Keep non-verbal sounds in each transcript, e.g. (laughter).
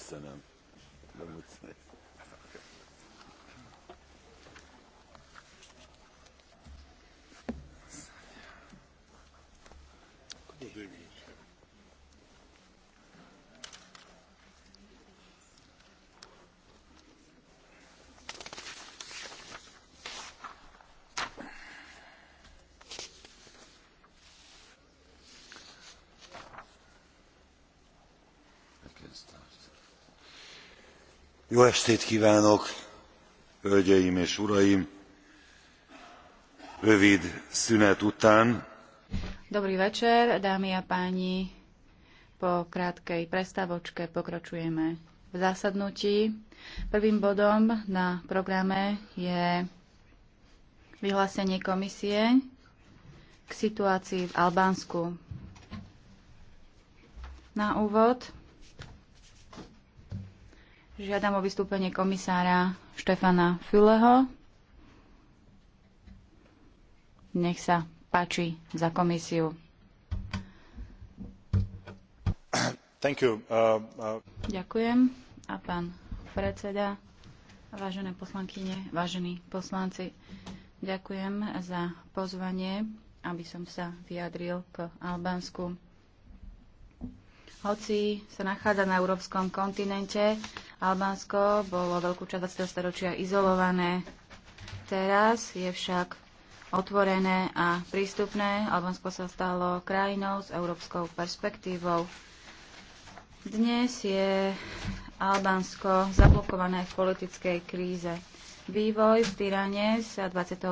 Köszönöm. Köszönöm. Jó estét kívánok, hölgyeim és uraim! Rövid szünet után. Dobrý večer, dámy a páni. Po krátkej prestavočke pokračujeme v zásadnutí. Prvým bodom na programe je vyhlásenie komisie k situácii v Albánsku. Na úvod Žiadam o vystúpenie komisára Štefana Füleho. Nech sa páči za komisiu. Thank you. Uh, uh... Ďakujem. A pán predseda, vážené poslankyne, vážení poslanci, ďakujem za pozvanie, aby som sa vyjadril k Albánsku. Hoci sa nachádza na európskom kontinente, Albánsko bolo veľkú časť 20. storočia izolované. Teraz je však otvorené a prístupné. Albánsko sa stalo krajinou s európskou perspektívou. Dnes je Albánsko zablokované v politickej kríze. Vývoj v Tyrane sa 21.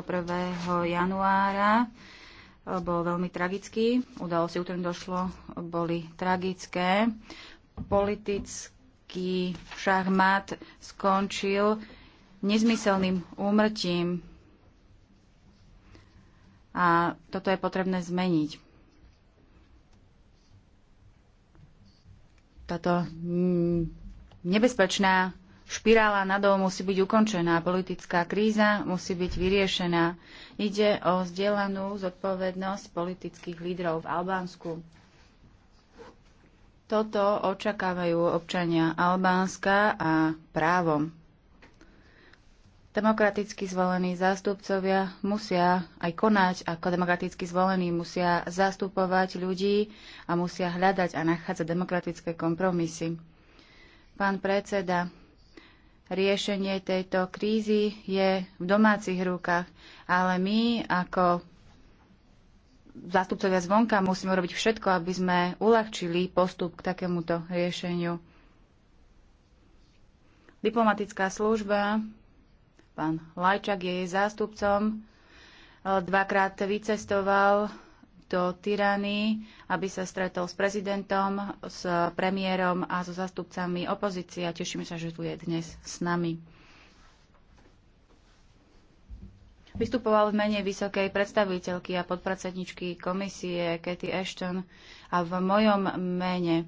januára eh, bol veľmi tragický. Udalosti, ktorým došlo, boli tragické. Politické taký šachmat skončil nezmyselným úmrtím. A toto je potrebné zmeniť. Táto mm, nebezpečná špirála nadol musí byť ukončená, politická kríza musí byť vyriešená. Ide o vzdielanú zodpovednosť politických lídrov v Albánsku. Toto očakávajú občania Albánska a právom. Demokraticky zvolení zástupcovia musia aj konať, ako demokraticky zvolení musia zastupovať ľudí a musia hľadať a nachádzať demokratické kompromisy. Pán predseda, riešenie tejto krízy je v domácich rukách, ale my ako zástupcovia zvonka musíme robiť všetko, aby sme uľahčili postup k takémuto riešeniu. Diplomatická služba, pán Lajčak je jej zástupcom, e, dvakrát vycestoval do Tyrany, aby sa stretol s prezidentom, s premiérom a so zástupcami opozície a tešíme sa, že tu je dnes s nami. Vystupoval v mene vysokej predstaviteľky a podpredsedničky komisie Katy Ashton a v mojom mene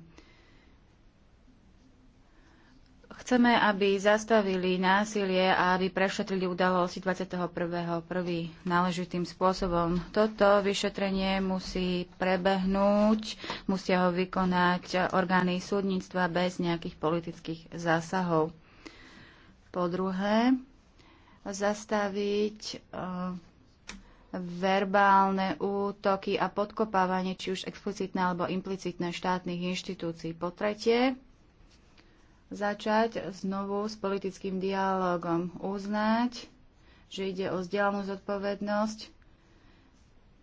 Chceme, aby zastavili násilie a aby prešetrili udalosti 21.1. náležitým spôsobom. Toto vyšetrenie musí prebehnúť, musia ho vykonať orgány súdnictva bez nejakých politických zásahov. Po druhé, zastaviť e, verbálne útoky a podkopávanie či už explicitné alebo implicitné štátnych inštitúcií. Po tretie, začať znovu s politickým dialogom, uznať, že ide o vzdialenú zodpovednosť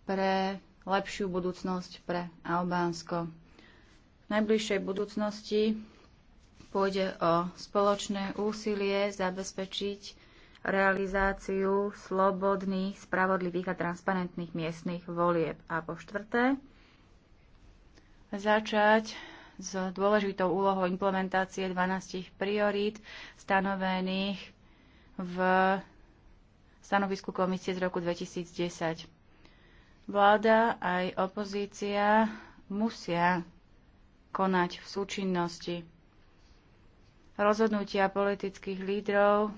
pre lepšiu budúcnosť pre Albánsko. V najbližšej budúcnosti pôjde o spoločné úsilie zabezpečiť realizáciu slobodných, spravodlivých a transparentných miestnych volieb. A po štvrté, začať s dôležitou úlohou implementácie 12 priorít stanovených v stanovisku komisie z roku 2010. Vláda aj opozícia musia konať v súčinnosti. Rozhodnutia politických lídrov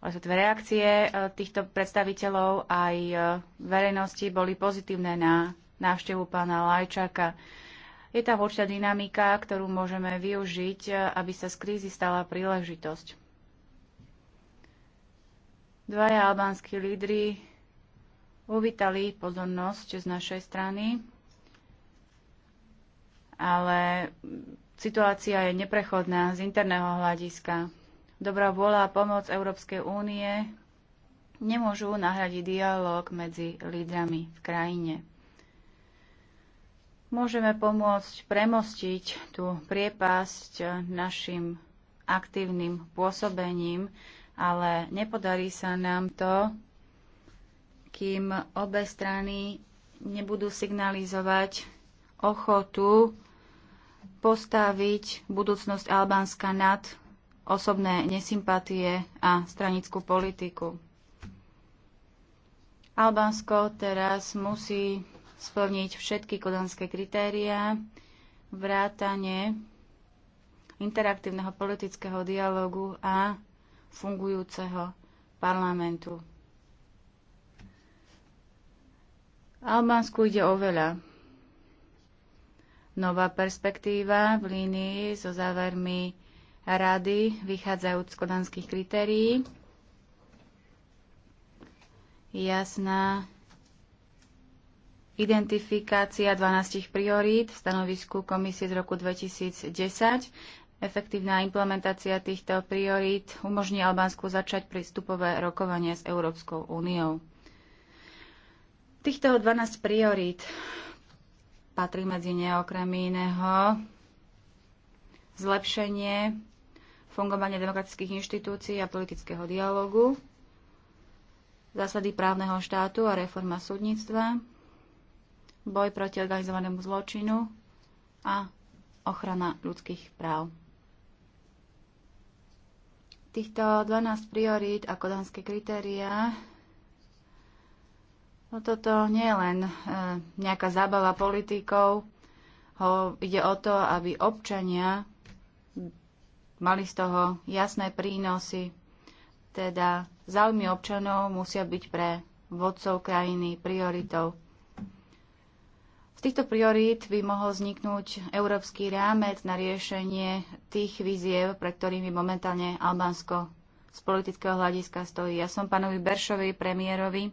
respektíve reakcie e, týchto predstaviteľov aj e, verejnosti boli pozitívne na návštevu pána Lajčaka. Je tam určitá dynamika, ktorú môžeme využiť, e, aby sa z krízy stala príležitosť. Dvaja albánsky lídry uvítali pozornosť z našej strany, ale situácia je neprechodná z interného hľadiska dobrá vôľa a pomoc Európskej únie nemôžu nahradiť dialog medzi lídrami v krajine. Môžeme pomôcť premostiť tú priepasť našim aktívnym pôsobením, ale nepodarí sa nám to, kým obe strany nebudú signalizovať ochotu postaviť budúcnosť Albánska nad osobné nesympatie a stranickú politiku. Albánsko teraz musí splniť všetky kodanské kritériá, vrátanie interaktívneho politického dialogu a fungujúceho parlamentu. Albánsku ide o veľa. Nová perspektíva v línii so závermi rady, vychádzajúc z kodanských kritérií, jasná identifikácia 12 priorít v stanovisku komisie z roku 2010. Efektívna implementácia týchto priorít umožní Albánsku začať prístupové rokovania s Európskou úniou. Týchto 12 priorít patrí medzi neokrem iného zlepšenie fungovanie demokratických inštitúcií a politického dialogu, zásady právneho štátu a reforma súdnictva, boj proti organizovanému zločinu a ochrana ľudských práv. Týchto 12 priorít a kodanské kritéria No toto nie je len e, nejaká zábava politikov, ho, ide o to, aby občania mali z toho jasné prínosy. Teda záujmy občanov musia byť pre vodcov krajiny prioritou. Z týchto priorít by mohol vzniknúť európsky rámec na riešenie tých víziev, pre ktorými momentálne Albánsko z politického hľadiska stojí. Ja som pánovi Beršovi, premiérovi, e,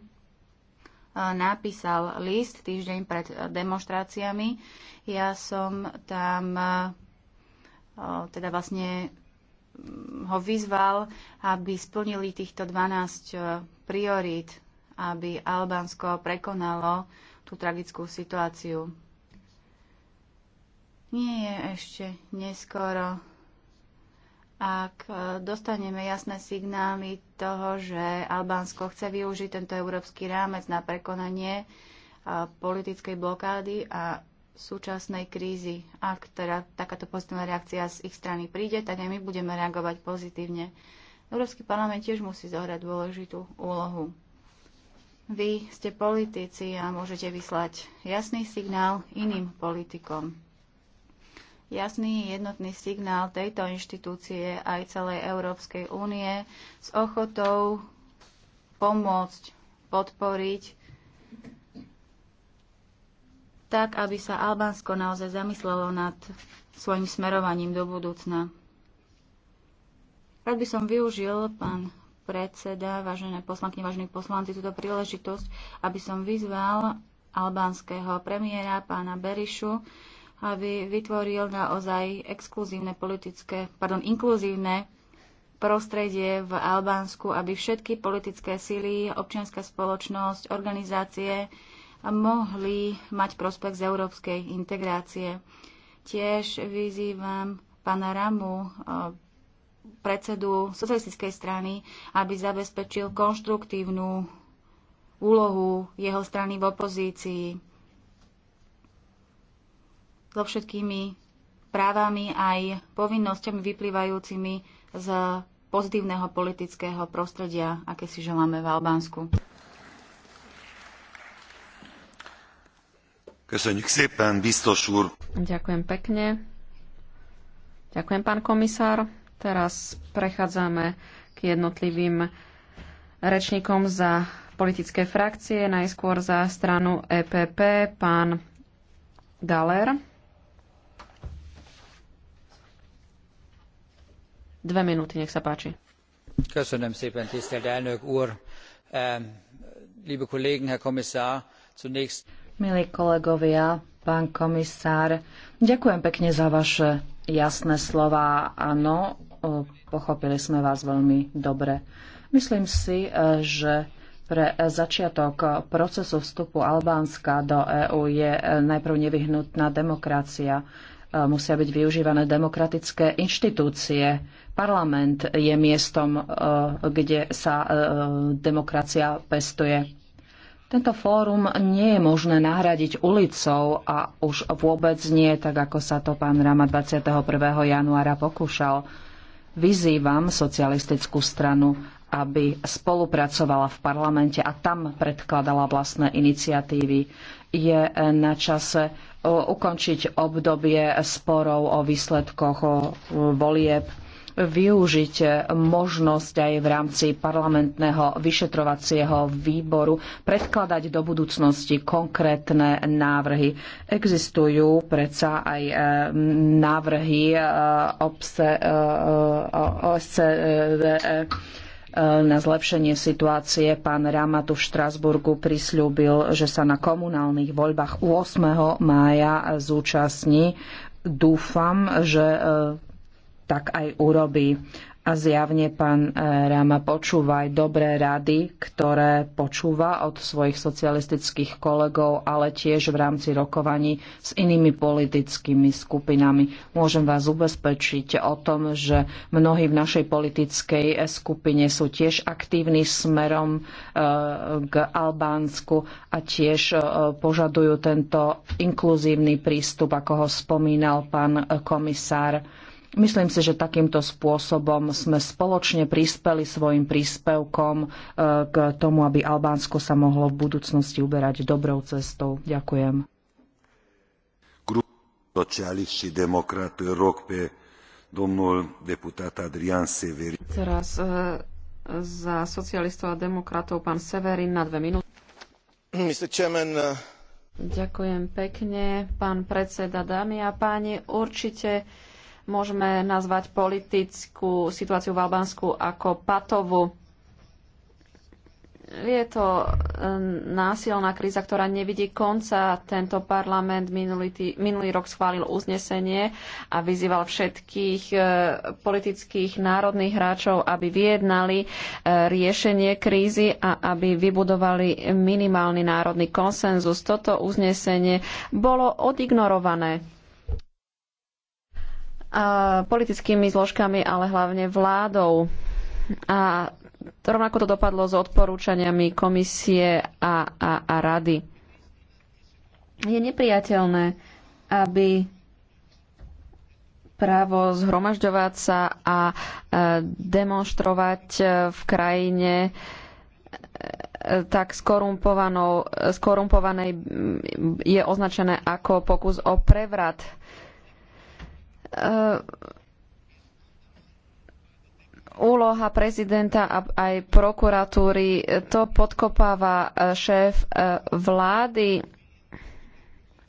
napísal list týždeň pred demonstráciami. Ja som tam e, teda vlastne mm, ho vyzval, aby splnili týchto 12 e, priorít, aby Albánsko prekonalo tú tragickú situáciu. Nie je ešte neskoro. Ak e, dostaneme jasné signály toho, že Albánsko chce využiť tento európsky rámec na prekonanie e, politickej blokády a súčasnej krízy. Ak teda takáto pozitívna reakcia z ich strany príde, tak aj my budeme reagovať pozitívne. Európsky parlament tiež musí zohrať dôležitú úlohu. Vy ste politici a môžete vyslať jasný signál iným politikom. Jasný jednotný signál tejto inštitúcie aj celej Európskej únie s ochotou pomôcť, podporiť tak aby sa Albánsko naozaj zamyslelo nad svojim smerovaním do budúcna. Rád by som využil, pán predseda, vážené poslanky, vážení poslanci, túto príležitosť, aby som vyzval albánskeho premiéra, pána Berišu, aby vytvoril naozaj exkluzívne politické, pardon, inkluzívne prostredie v Albánsku, aby všetky politické síly, občianská spoločnosť, organizácie mohli mať prospekt z európskej integrácie. Tiež vyzývam pána Ramu, eh, predsedu socialistickej strany, aby zabezpečil konštruktívnu úlohu jeho strany v opozícii so všetkými právami aj povinnosťami vyplývajúcimi z pozitívneho politického prostredia, aké si želáme v Albánsku. Ďakujem pekne. Ďakujem, pán komisár. Teraz prechádzame k jednotlivým rečníkom za politické frakcie, najskôr za stranu EPP, pán Galer. Dve minúty, nech sa páči. Köszönöm szépen, tisztelt elnök úr, liebe Kollegen, Herr Kommissar, zunächst Milí kolegovia, pán komisár, ďakujem pekne za vaše jasné slova. Áno, pochopili sme vás veľmi dobre. Myslím si, e, že pre začiatok procesu vstupu Albánska do EÚ je e, najprv nevyhnutná demokracia. E, musia byť využívané demokratické inštitúcie. Parlament je miestom, kde sa demokracia pestuje tento fórum nie je možné nahradiť ulicou a už vôbec nie, tak ako sa to pán Rama 21. januára pokúšal. Vyzývam socialistickú stranu, aby spolupracovala v parlamente a tam predkladala vlastné iniciatívy. Je na čase uh, ukončiť obdobie sporov o výsledkoch uh, volieb využiť možnosť aj v rámci parlamentného vyšetrovacieho výboru predkladať do budúcnosti konkrétne návrhy. Existujú predsa aj e, návrhy OSCE e, e, na zlepšenie situácie. Pán Ramatu v Štrasburgu prislúbil, že sa na komunálnych voľbách 8. mája zúčastní. Dúfam, že tak aj urobí. A zjavne pán e, Rama počúva aj dobré rady, ktoré počúva od svojich socialistických kolegov, ale tiež v rámci rokovaní s inými politickými skupinami. Môžem vás ubezpečiť o tom, že mnohí v našej politickej e, skupine sú tiež aktívni smerom e, k Albánsku a tiež požadujú tento inkluzívny prístup, ako ho spomínal pán komisár. Myslím si, že takýmto spôsobom sme spoločne prispeli svojim príspevkom e, k tomu, aby Albánsko sa mohlo v budúcnosti uberať dobrou cestou. Ďakujem. Socialiști rog pe domnul deputat Adrian Severin. Teraz e, za socialistov a demokratov pán Severin na dve minúty. E, Ďakujem pekne, pán predseda, dámy a páni. Určite Môžeme nazvať politickú situáciu v Albánsku ako patovu. Je to e, násilná kríza, ktorá nevidí konca. Tento parlament minulý, tý, minulý rok schválil uznesenie a vyzýval všetkých e, politických národných hráčov, aby vyjednali e, riešenie krízy a aby vybudovali minimálny národný konsenzus. Toto uznesenie bolo odignorované politickými zložkami, ale hlavne vládou. A rovnako to dopadlo s odporúčaniami komisie a, a, a rady. Je nepriateľné, aby právo zhromažďovať sa a e, demonstrovať e, v krajine e, tak skorumpovanou, skorumpovanej je označené ako pokus o prevrat E, úloha prezidenta a aj prokuratúry, to podkopáva e, šéf e, vlády.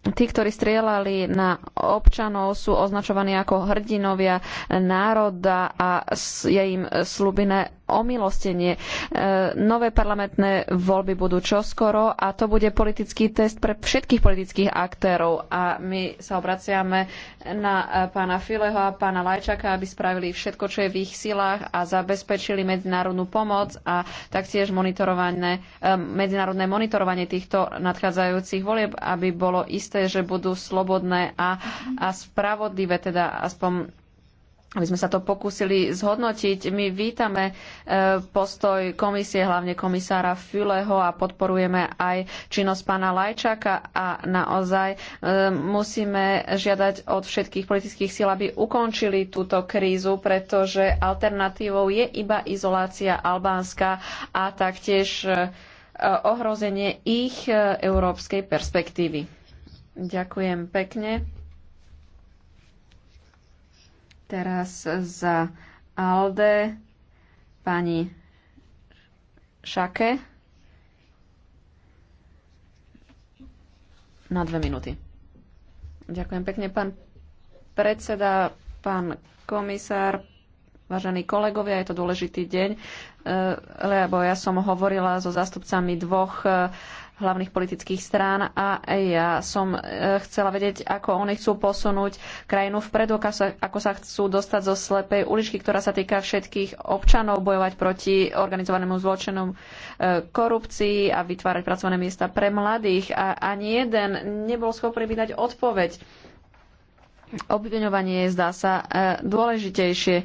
Tí, ktorí strieľali na občanov, sú označovaní ako hrdinovia národa a je im slúbené omilostenie. E, nové parlamentné voľby budú čoskoro a to bude politický test pre všetkých politických aktérov. A my sa obraciame na e, pána Fileho a pána Lajčaka, aby spravili všetko, čo je v ich silách a zabezpečili medzinárodnú pomoc a taktiež monitorovanie, medzinárodné monitorovanie týchto nadchádzajúcich volieb, aby bolo isté, že budú slobodné a, a spravodlivé, teda aspoň aby sme sa to pokúsili zhodnotiť. My vítame e, postoj komisie, hlavne komisára Füleho a podporujeme aj činnosť pána Lajčaka a naozaj e, musíme žiadať od všetkých politických síl, aby ukončili túto krízu, pretože alternatívou je iba izolácia Albánska a taktiež e, ohrozenie ich európskej perspektívy. Ďakujem pekne. Teraz za Alde pani Šake na dve minúty. Ďakujem pekne, pán predseda, pán komisár, vážení kolegovia, je to dôležitý deň, e, lebo ja som hovorila so zástupcami dvoch e, hlavných politických strán a ja som e, chcela vedieť, ako oni chcú posunúť krajinu vpred, ako sa chcú dostať zo slepej uličky, ktorá sa týka všetkých občanov, bojovať proti organizovanému zločinu, e, korupcii a vytvárať pracovné miesta pre mladých. A ani jeden nebol schopný vydať odpoveď. Obviňovanie je, zdá sa, e, dôležitejšie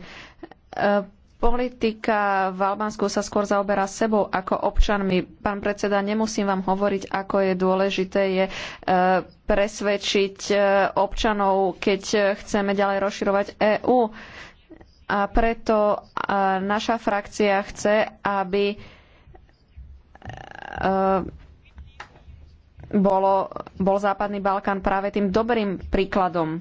Politika v Albánsku sa skôr zaoberá sebou ako občanmi. Pán predseda, nemusím vám hovoriť, ako je dôležité je e, presvedčiť e, občanov, keď chceme ďalej rozširovať EÚ. A preto e, naša frakcia chce, aby bolo, bol Západný Balkán práve tým dobrým príkladom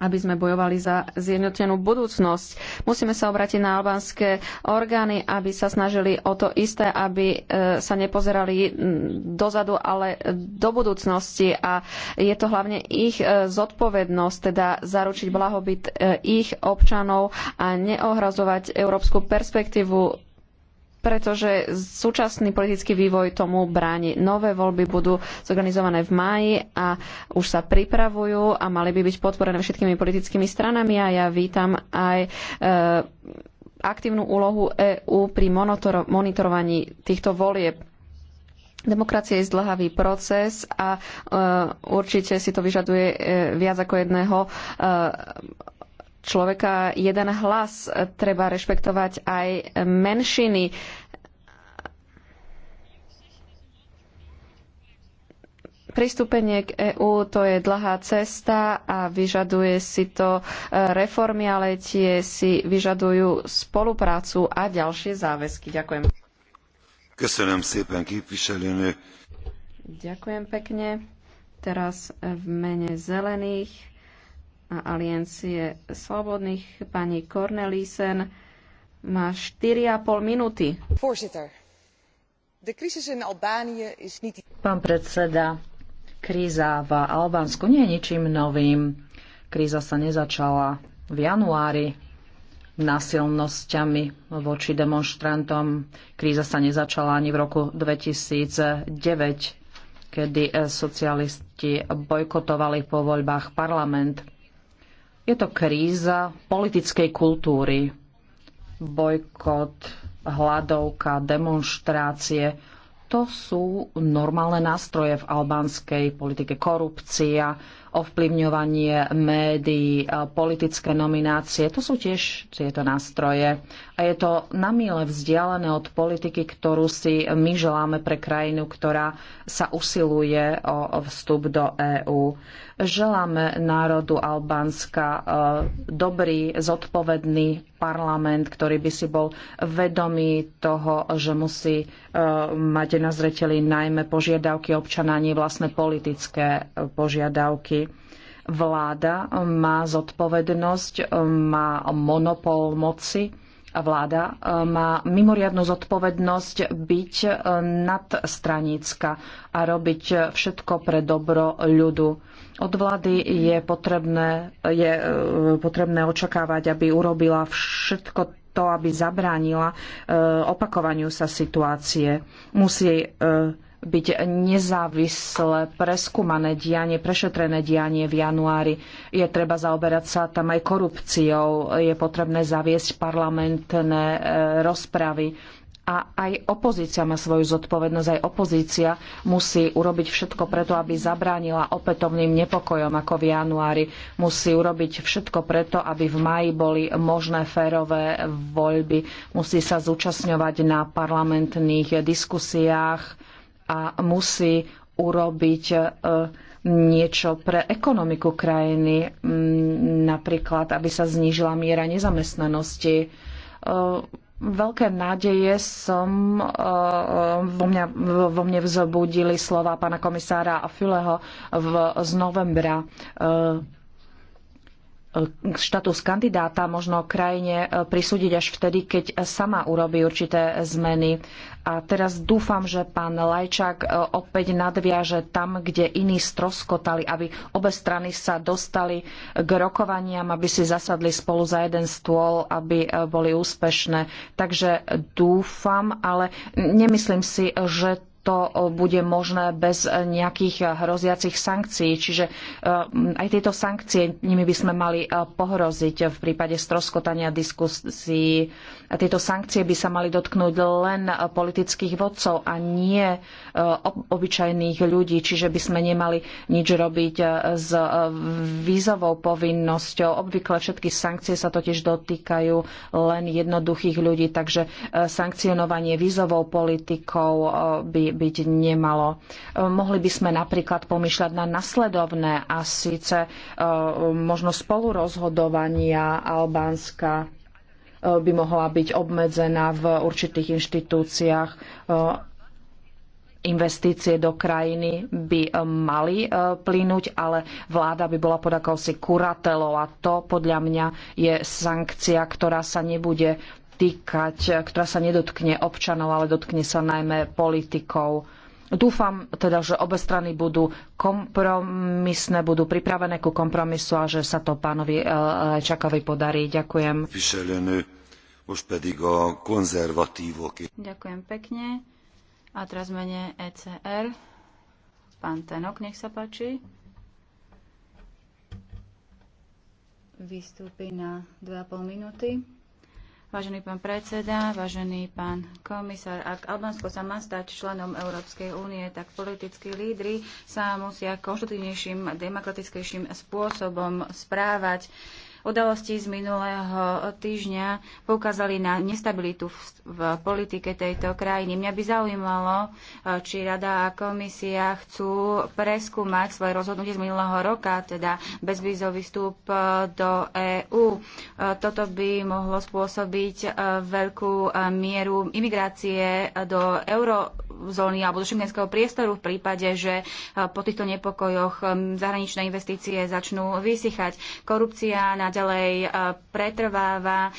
aby sme bojovali za zjednotenú budúcnosť. Musíme sa obrátiť na albánske orgány, aby sa snažili o to isté, aby e, sa nepozerali dozadu, ale do budúcnosti. A je to hlavne ich e, zodpovednosť, teda zaručiť blahobyt e, ich občanov a neohrazovať európsku perspektívu pretože súčasný politický vývoj tomu bráni. Nové voľby budú zorganizované v máji a už sa pripravujú a mali by byť podporené všetkými politickými stranami a ja vítam aj e, aktívnu úlohu EÚ pri monitor monitorovaní týchto volieb. Demokracia je zdlhavý proces a e, určite si to vyžaduje e, viac ako jedného e, človeka jeden hlas. Treba rešpektovať aj menšiny. Pristúpenie k EÚ to je dlhá cesta a vyžaduje si to e, reformy, ale tie si vyžadujú spoluprácu a ďalšie záväzky. Ďakujem. Ďakujem pekne. Teraz v mene zelených a aliancie slobodných. Pani Cornelisen má 4,5 minúty. Pán predseda, kríza v Albánsku nie je ničím novým. Kríza sa nezačala v januári násilnosťami voči demonstrantom. Kríza sa nezačala ani v roku 2009 kedy socialisti bojkotovali po voľbách parlament. Je to kríza politickej kultúry. Bojkot, hladovka, demonstrácie. To sú normálne nástroje v albánskej politike. Korupcia, ovplyvňovanie médií, politické nominácie. To sú tiež tieto nástroje. A je to na vzdialené od politiky, ktorú si my želáme pre krajinu, ktorá sa usiluje o vstup do EÚ. Želáme národu Albánska e, dobrý, zodpovedný parlament, ktorý by si bol vedomý toho, že musí e, mať na zreteli najmä požiadavky občana, nie vlastné politické e, požiadavky vláda má zodpovednosť, má monopol moci vláda e, má mimoriadnu zodpovednosť byť e, nadstranícka a robiť všetko pre dobro ľudu. Od vlády je potrebné, je e, potrebné očakávať, aby urobila všetko to, aby zabránila opakovaniu sa situácie. Musí byť nezávisle preskúmané dianie, prešetrené dianie v januári. Je treba zaoberať sa tam aj korupciou, je potrebné zaviesť parlamentné e, rozpravy. A aj opozícia má svoju zodpovednosť, aj opozícia musí urobiť všetko preto, aby zabránila opätovným nepokojom ako v januári. Musí urobiť všetko preto, aby v maji boli možné férové voľby. Musí sa zúčastňovať na parlamentných diskusiách a musí urobiť e, niečo pre ekonomiku krajiny, napríklad, aby sa znížila miera nezamestnanosti. E, veľké nádeje som e, vo, mňa, vo mne vzbudili slova pána komisára Afileho z novembra E, štatus kandidáta možno krajine e, prisúdiť až vtedy, keď sama urobí určité zmeny. A teraz dúfam, že pán Lajčák e, opäť nadviaže tam, kde iní stroskotali, aby obe strany sa dostali k rokovaniam, aby si zasadli spolu za jeden stôl, aby boli úspešné. Takže dúfam, ale nemyslím si, že to eh, bude možné bez eh, nejakých eh, hroziacich sankcií. Čiže aj tieto sankcie, nimi by sme mali pohroziť v prípade stroskotania diskusí a tieto sankcie by sa mali dotknúť len politických vodcov a nie e, obyčajných ľudí, čiže by sme nemali nič robiť e, s e, vízovou povinnosťou. Obvykle všetky sankcie sa totiž dotýkajú len jednoduchých ľudí, takže sankcionovanie vízovou politikou by byť nemalo. Mohli by sme napríklad pomýšľať na nasledovné a síce možno spolurozhodovania Albánska Eh, by mohla byť obmedzená v určitých inštitúciách. Eh, investície do krajiny by eh, mali plynúť, ale vláda by bola pod akousi kuratelou a to podľa mňa je sankcia, ktorá sa nebude týkať, ktorá sa nedotkne občanov, ale dotkne sa najmä politikov Dúfam teda, že obe strany budú kompromisné, budú pripravené ku kompromisu a že sa to pánovi eh, Čakovi podarí. Ďakujem. Ďakujem pekne. A teraz mene ECR. Pán Tenok, nech sa páči. Vystúpi na 2,5 minúty. Vážený pán predseda, vážený pán komisár, ak Albánsko sa má stať členom Európskej únie, tak politickí lídry sa musia konštruktívnejším, demokratickejším spôsobom správať. Udalosti z minulého týždňa poukázali na nestabilitu v, v politike tejto krajiny. Mňa by zaujímalo, e, či Rada a komisia chcú preskúmať svoje rozhodnutie z minulého roka, teda bezvýzový vstup e, do EÚ. E, toto by mohlo spôsobiť veľkú mieru imigrácie do euro zóny alebo do šengenského priestoru v prípade, že e, po týchto nepokojoch e, zahraničné investície začnú vysychať. Korupcia naďalej e, pretrváva,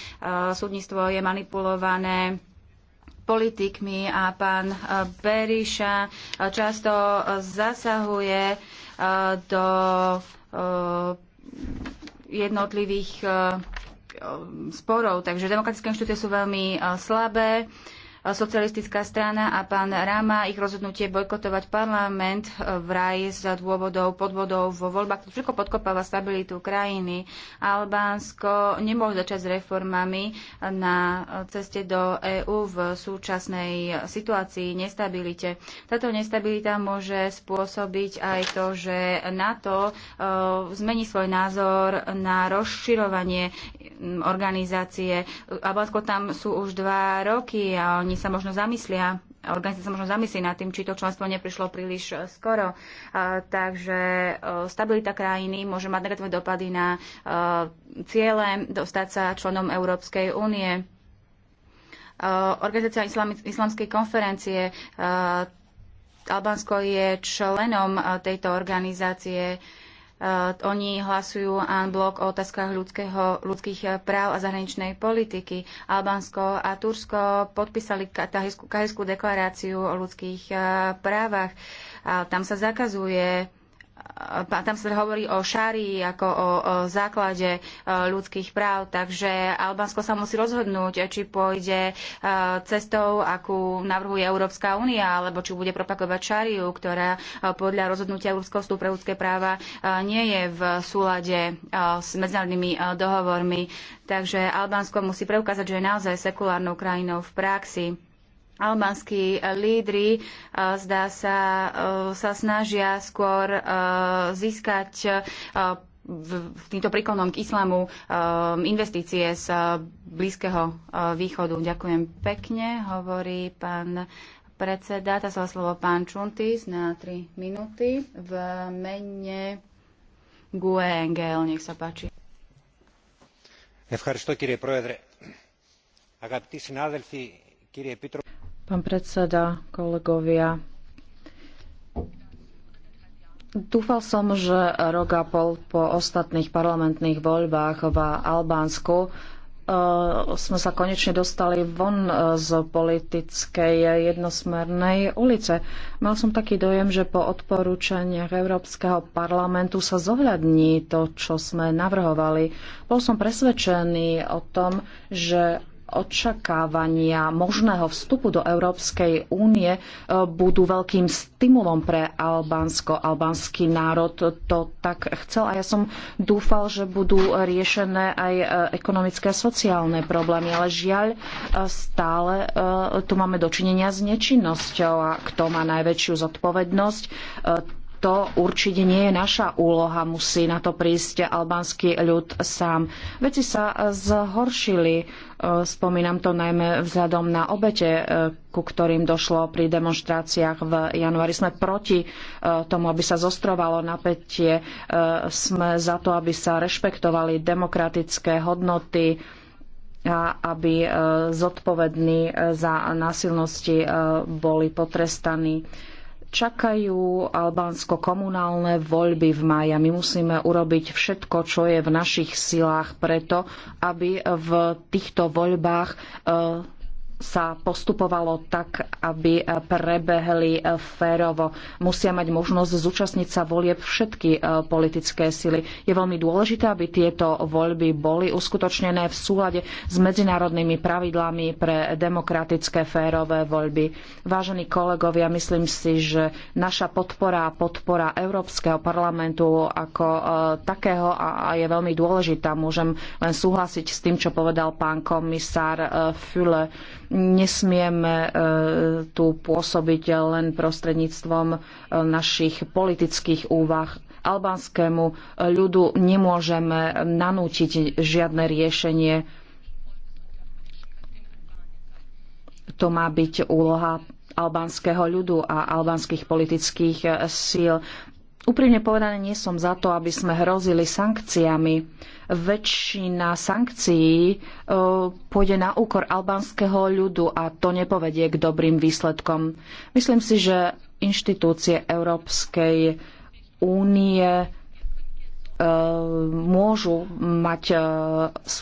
súdnictvo je manipulované politikmi a pán Beriša často zasahuje do jednotlivých sporov. Takže demokratické inštitúcie sú veľmi slabé socialistická strana a pán Rama ich rozhodnutie bojkotovať parlament e, vraj z dôvodov podvodov vo voľbách. ktoré všetko podkopáva stabilitu krajiny. Albánsko nemohlo začať s reformami na ceste do EÚ v súčasnej situácii, nestabilite. Táto nestabilita môže spôsobiť aj to, že NATO e, zmení svoj názor na rozširovanie organizácie. Albánsko tam sú už dva roky a oni oni sa možno zamyslia, organizácia sa možno zamyslí nad tým, či to členstvo neprišlo príliš e, skoro. E, takže e, stabilita krajiny môže mať negatívne dopady na ciele dostať sa členom Európskej únie. Organizácia islamskej konferencie Albánsko je členom tejto organizácie. Eh, oni hlasujú blok o otázkach ľudského, ľudských eh, práv a zahraničnej politiky. Albánsko a Tursko podpísali Kahejskú deklaráciu o ľudských eh, právach. A tam sa zakazuje tam sa hovorí o šárii ako o, základe e, ľudských práv, takže Albánsko sa musí rozhodnúť, e, či pôjde e, cestou, akú navrhuje Európska únia, alebo či bude propagovať šáriu, ktorá podľa rozhodnutia Európskeho súdu pre ľudské práva nie je v súlade s medzinárodnými dohovormi. Takže Albánsko musí preukázať, že je naozaj sekulárnou krajinou v praxi albánsky eh, lídry, eh, zdá sa, eh, sa snažia skôr získať v týmto príklonom k islamu investície z Blízkeho východu. Ďakujem pekne, hovorí pán predseda. Tá sa slovo pán Čuntis na 3 minúty v mene Guengel. Nech sa páči. Ευχαριστώ κύριε Πρόεδρε. Αγαπητοί συνάδελφοι, κύριε Επίτροπε. Pán predseda, kolegovia, Dúfal som, že rok a pol po ostatných parlamentných voľbách v Albánsku e, sme sa konečne dostali von e, z politickej jednosmernej ulice. Mal som taký dojem, že po odporúčaniach Európskeho parlamentu sa zohľadní to, čo sme navrhovali. Bol som presvedčený o tom, že očakávania možného vstupu do Európskej únie e, budú veľkým stimulom pre Albánsko. Albánsky národ to tak chcel a ja som dúfal, že budú riešené aj e, ekonomické a sociálne problémy, ale žiaľ e, stále tu máme dočinenia s nečinnosťou a kto má najväčšiu zodpovednosť, to určite nie je naša úloha, musí na to prísť albánsky ľud sám. Veci sa zhoršili, e, spomínam to najmä vzhľadom na obete, e, ku ktorým došlo pri demonstráciách v januári. Sme proti e, tomu, aby sa zostrovalo napätie, sme za to, aby sa rešpektovali demokratické hodnoty, a aby zodpovední za násilnosti boli potrestaní. Čakajú albánsko-komunálne voľby v máji a my musíme urobiť všetko, čo je v našich silách preto, aby v týchto voľbách eh, sa postupovalo tak, aby prebehli férovo. Musia mať možnosť zúčastniť sa volieb všetky e, politické sily. Je veľmi dôležité, aby tieto voľby boli uskutočnené v súlade s medzinárodnými pravidlami pre demokratické férové voľby. Vážení kolegovia, myslím si, že naša podpora a podpora Európskeho parlamentu ako e, takého a je veľmi dôležitá. Môžem len súhlasiť s tým, čo povedal pán komisár e, Füle Nesmieme e, tu pôsobiť len prostredníctvom e, našich politických úvah. Albánskému ľudu nemôžeme nanútiť žiadne riešenie. To má byť úloha albánskeho ľudu a albánskych politických síl. Úprimne povedané, nie som za to, aby sme hrozili sankciami. Väčšina sankcií e, pôjde na úkor albánskeho ľudu a to nepovedie k dobrým výsledkom. Myslím si, že inštitúcie Európskej únie E, môžu mať e,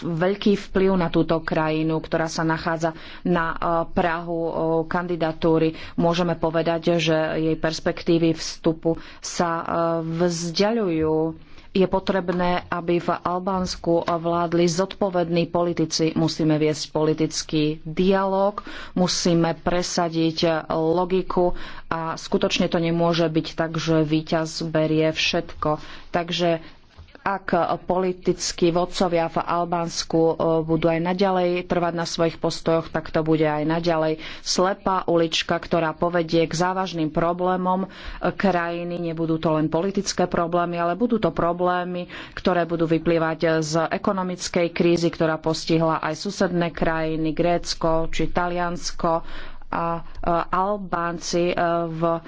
veľký vplyv na túto krajinu, ktorá sa nachádza na e, Prahu kandidatúry. Môžeme povedať, že jej perspektívy vstupu sa vzdialujú. Je potrebné, aby v Albánsku vládli zodpovední politici. Musíme viesť politický dialog, musíme presadiť logiku a skutočne to nemôže byť tak, že víťaz berie všetko. Takže ak politickí vodcovia v Albánsku e, budú aj naďalej trvať na svojich postojoch, tak to bude aj naďalej slepá ulička, ktorá povedie k závažným problémom e, krajiny. Nebudú to len politické problémy, ale budú to problémy, ktoré budú vyplývať z ekonomickej krízy, ktorá postihla aj susedné krajiny, Grécko či Taliansko a e, Albánci e, v e,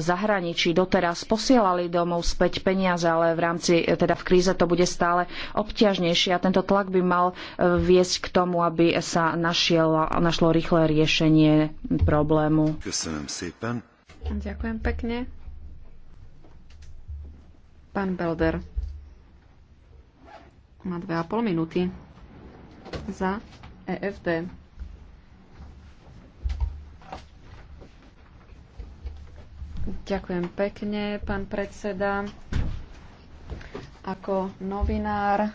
zahraničí doteraz posielali domov späť peniaze, ale v rámci, teda v kríze to bude stále obťažnejšie a tento tlak by mal viesť k tomu, aby sa našiel, našlo rýchle riešenie problému. Ďakujem pekne. Pán Belder má 2,5 minúty za EFD. Ďakujem pekne, pán predseda. Ako novinár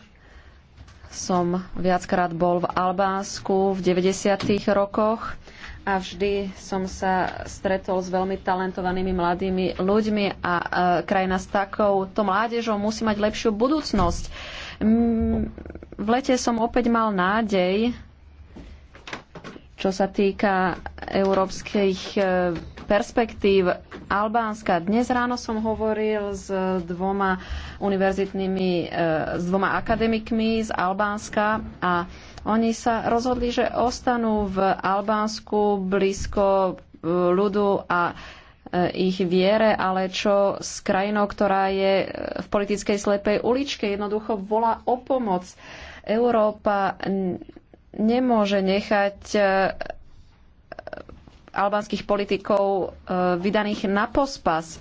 som viackrát bol v Albánsku v 90. rokoch a vždy som sa stretol s veľmi talentovanými mladými ľuďmi a e, krajina s takouto mládežou musí mať lepšiu budúcnosť. v lete som opäť mal nádej, čo sa týka európskych e, perspektív Albánska, dnes ráno som hovoril s dvoma univerzitnými, e, s dvoma akademikmi z Albánska a oni sa rozhodli, že ostanú v Albánsku blízko e, ľudu a ich viere, ale čo s krajinou, ktorá je v politickej slepej uličke, jednoducho volá o pomoc. Európa nemôže nechať e, albánskych politikov e, vydaných na pospas.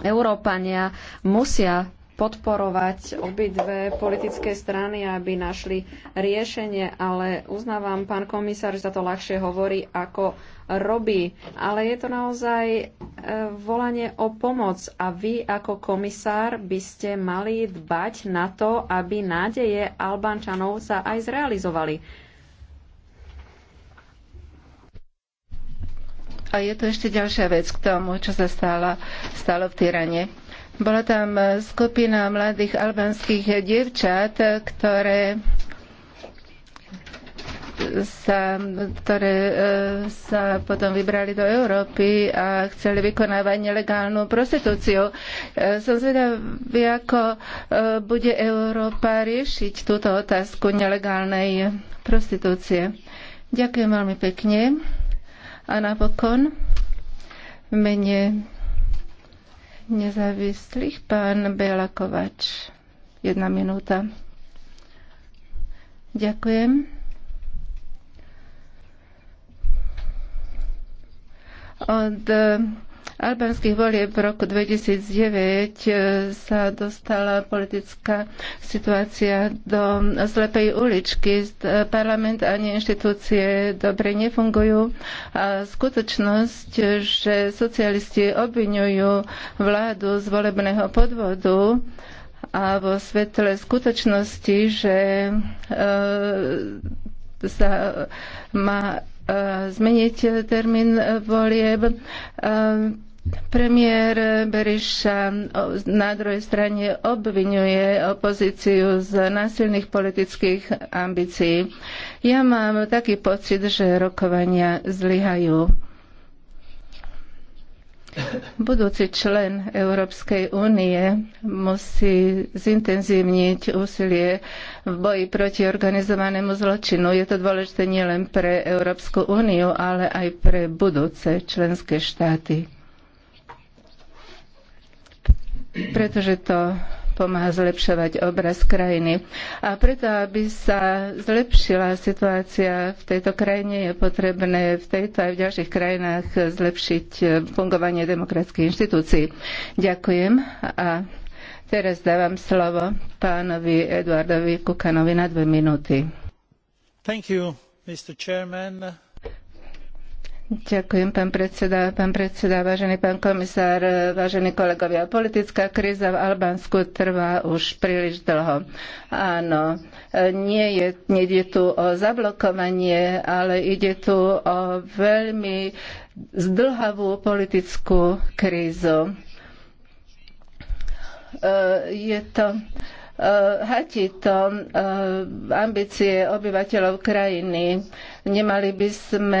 Európania musia podporovať obidve politické strany, aby našli riešenie, ale uznávam, pán komisár, že sa to ľahšie hovorí, ako robí. Ale je to naozaj e, volanie o pomoc a vy ako komisár by ste mali dbať na to, aby nádeje Albánčanov sa aj zrealizovali. A je to ešte ďalšia vec k tomu, čo sa stalo, stalo v Tyrane bola tam e, skupina mladých albanských dievčat, ktoré sa, ktoré e, sa potom vybrali do Európy a chceli vykonávať nelegálnu prostitúciu. E, som zvedavý, ako bude Európa riešiť túto otázku nelegálnej prostitúcie. Ďakujem veľmi pekne. A napokon mene nezávislých, pán Bela Kovač. Jedna minúta. Ďakujem. Od albánskych volieb v roku 2009 e, sa dostala politická situácia do slepej uličky. E, parlament ani inštitúcie dobre nefungujú a skutočnosť, že socialisti obvinujú vládu z volebného podvodu, a vo svetle skutočnosti, že e, sa má E, zmeniť e, termín e, volieb. Premiér Beriša na druhej strane obvinuje opozíciu z násilných politických ambícií. Ja mám taký pocit, že rokovania zlyhajú. Budúci člen Európskej únie musí zintenzívniť úsilie v boji proti organizovanému zločinu. Je to dôležité nielen pre Európsku úniu, ale aj pre budúce členské štáty. Pretože to pomáha zlepšovať obraz krajiny. A preto, aby sa zlepšila situácia v tejto krajine, je potrebné v tejto aj v ďalších krajinách zlepšiť eh, fungovanie demokratických inštitúcií. Ďakujem a teraz dávam slovo pánovi Eduardovi Kukanovi na dve minúty. Thank you, Mr. Chairman. Ďakujem, pán predseda, pán predseda, vážený pán komisár, vážení kolegovia. Politická kríza v Albánsku trvá už príliš dlho. Áno, nie je, nejde tu o zablokovanie, ale ide tu o veľmi zdlhavú politickú krízu. E, je to e, hatí to e, ambície obyvateľov krajiny. Nemali by sme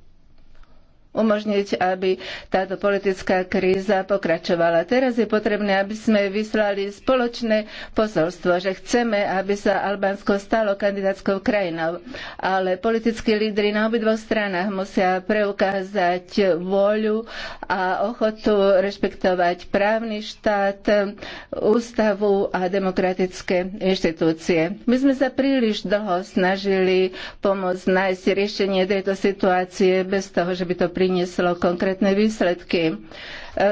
umožniť, aby táto politická kríza pokračovala. Teraz je potrebné, aby sme vyslali spoločné posolstvo, že chceme, aby sa Albánsko stalo kandidátskou krajinou. Ale politickí lídry na obidvoch stranách musia preukázať vôľu a ochotu rešpektovať právny štát, ústavu a demokratické inštitúcie. My sme sa príliš dlho snažili pomôcť nájsť riešenie tejto situácie bez toho, že by to prinieslo konkrétne výsledky. E,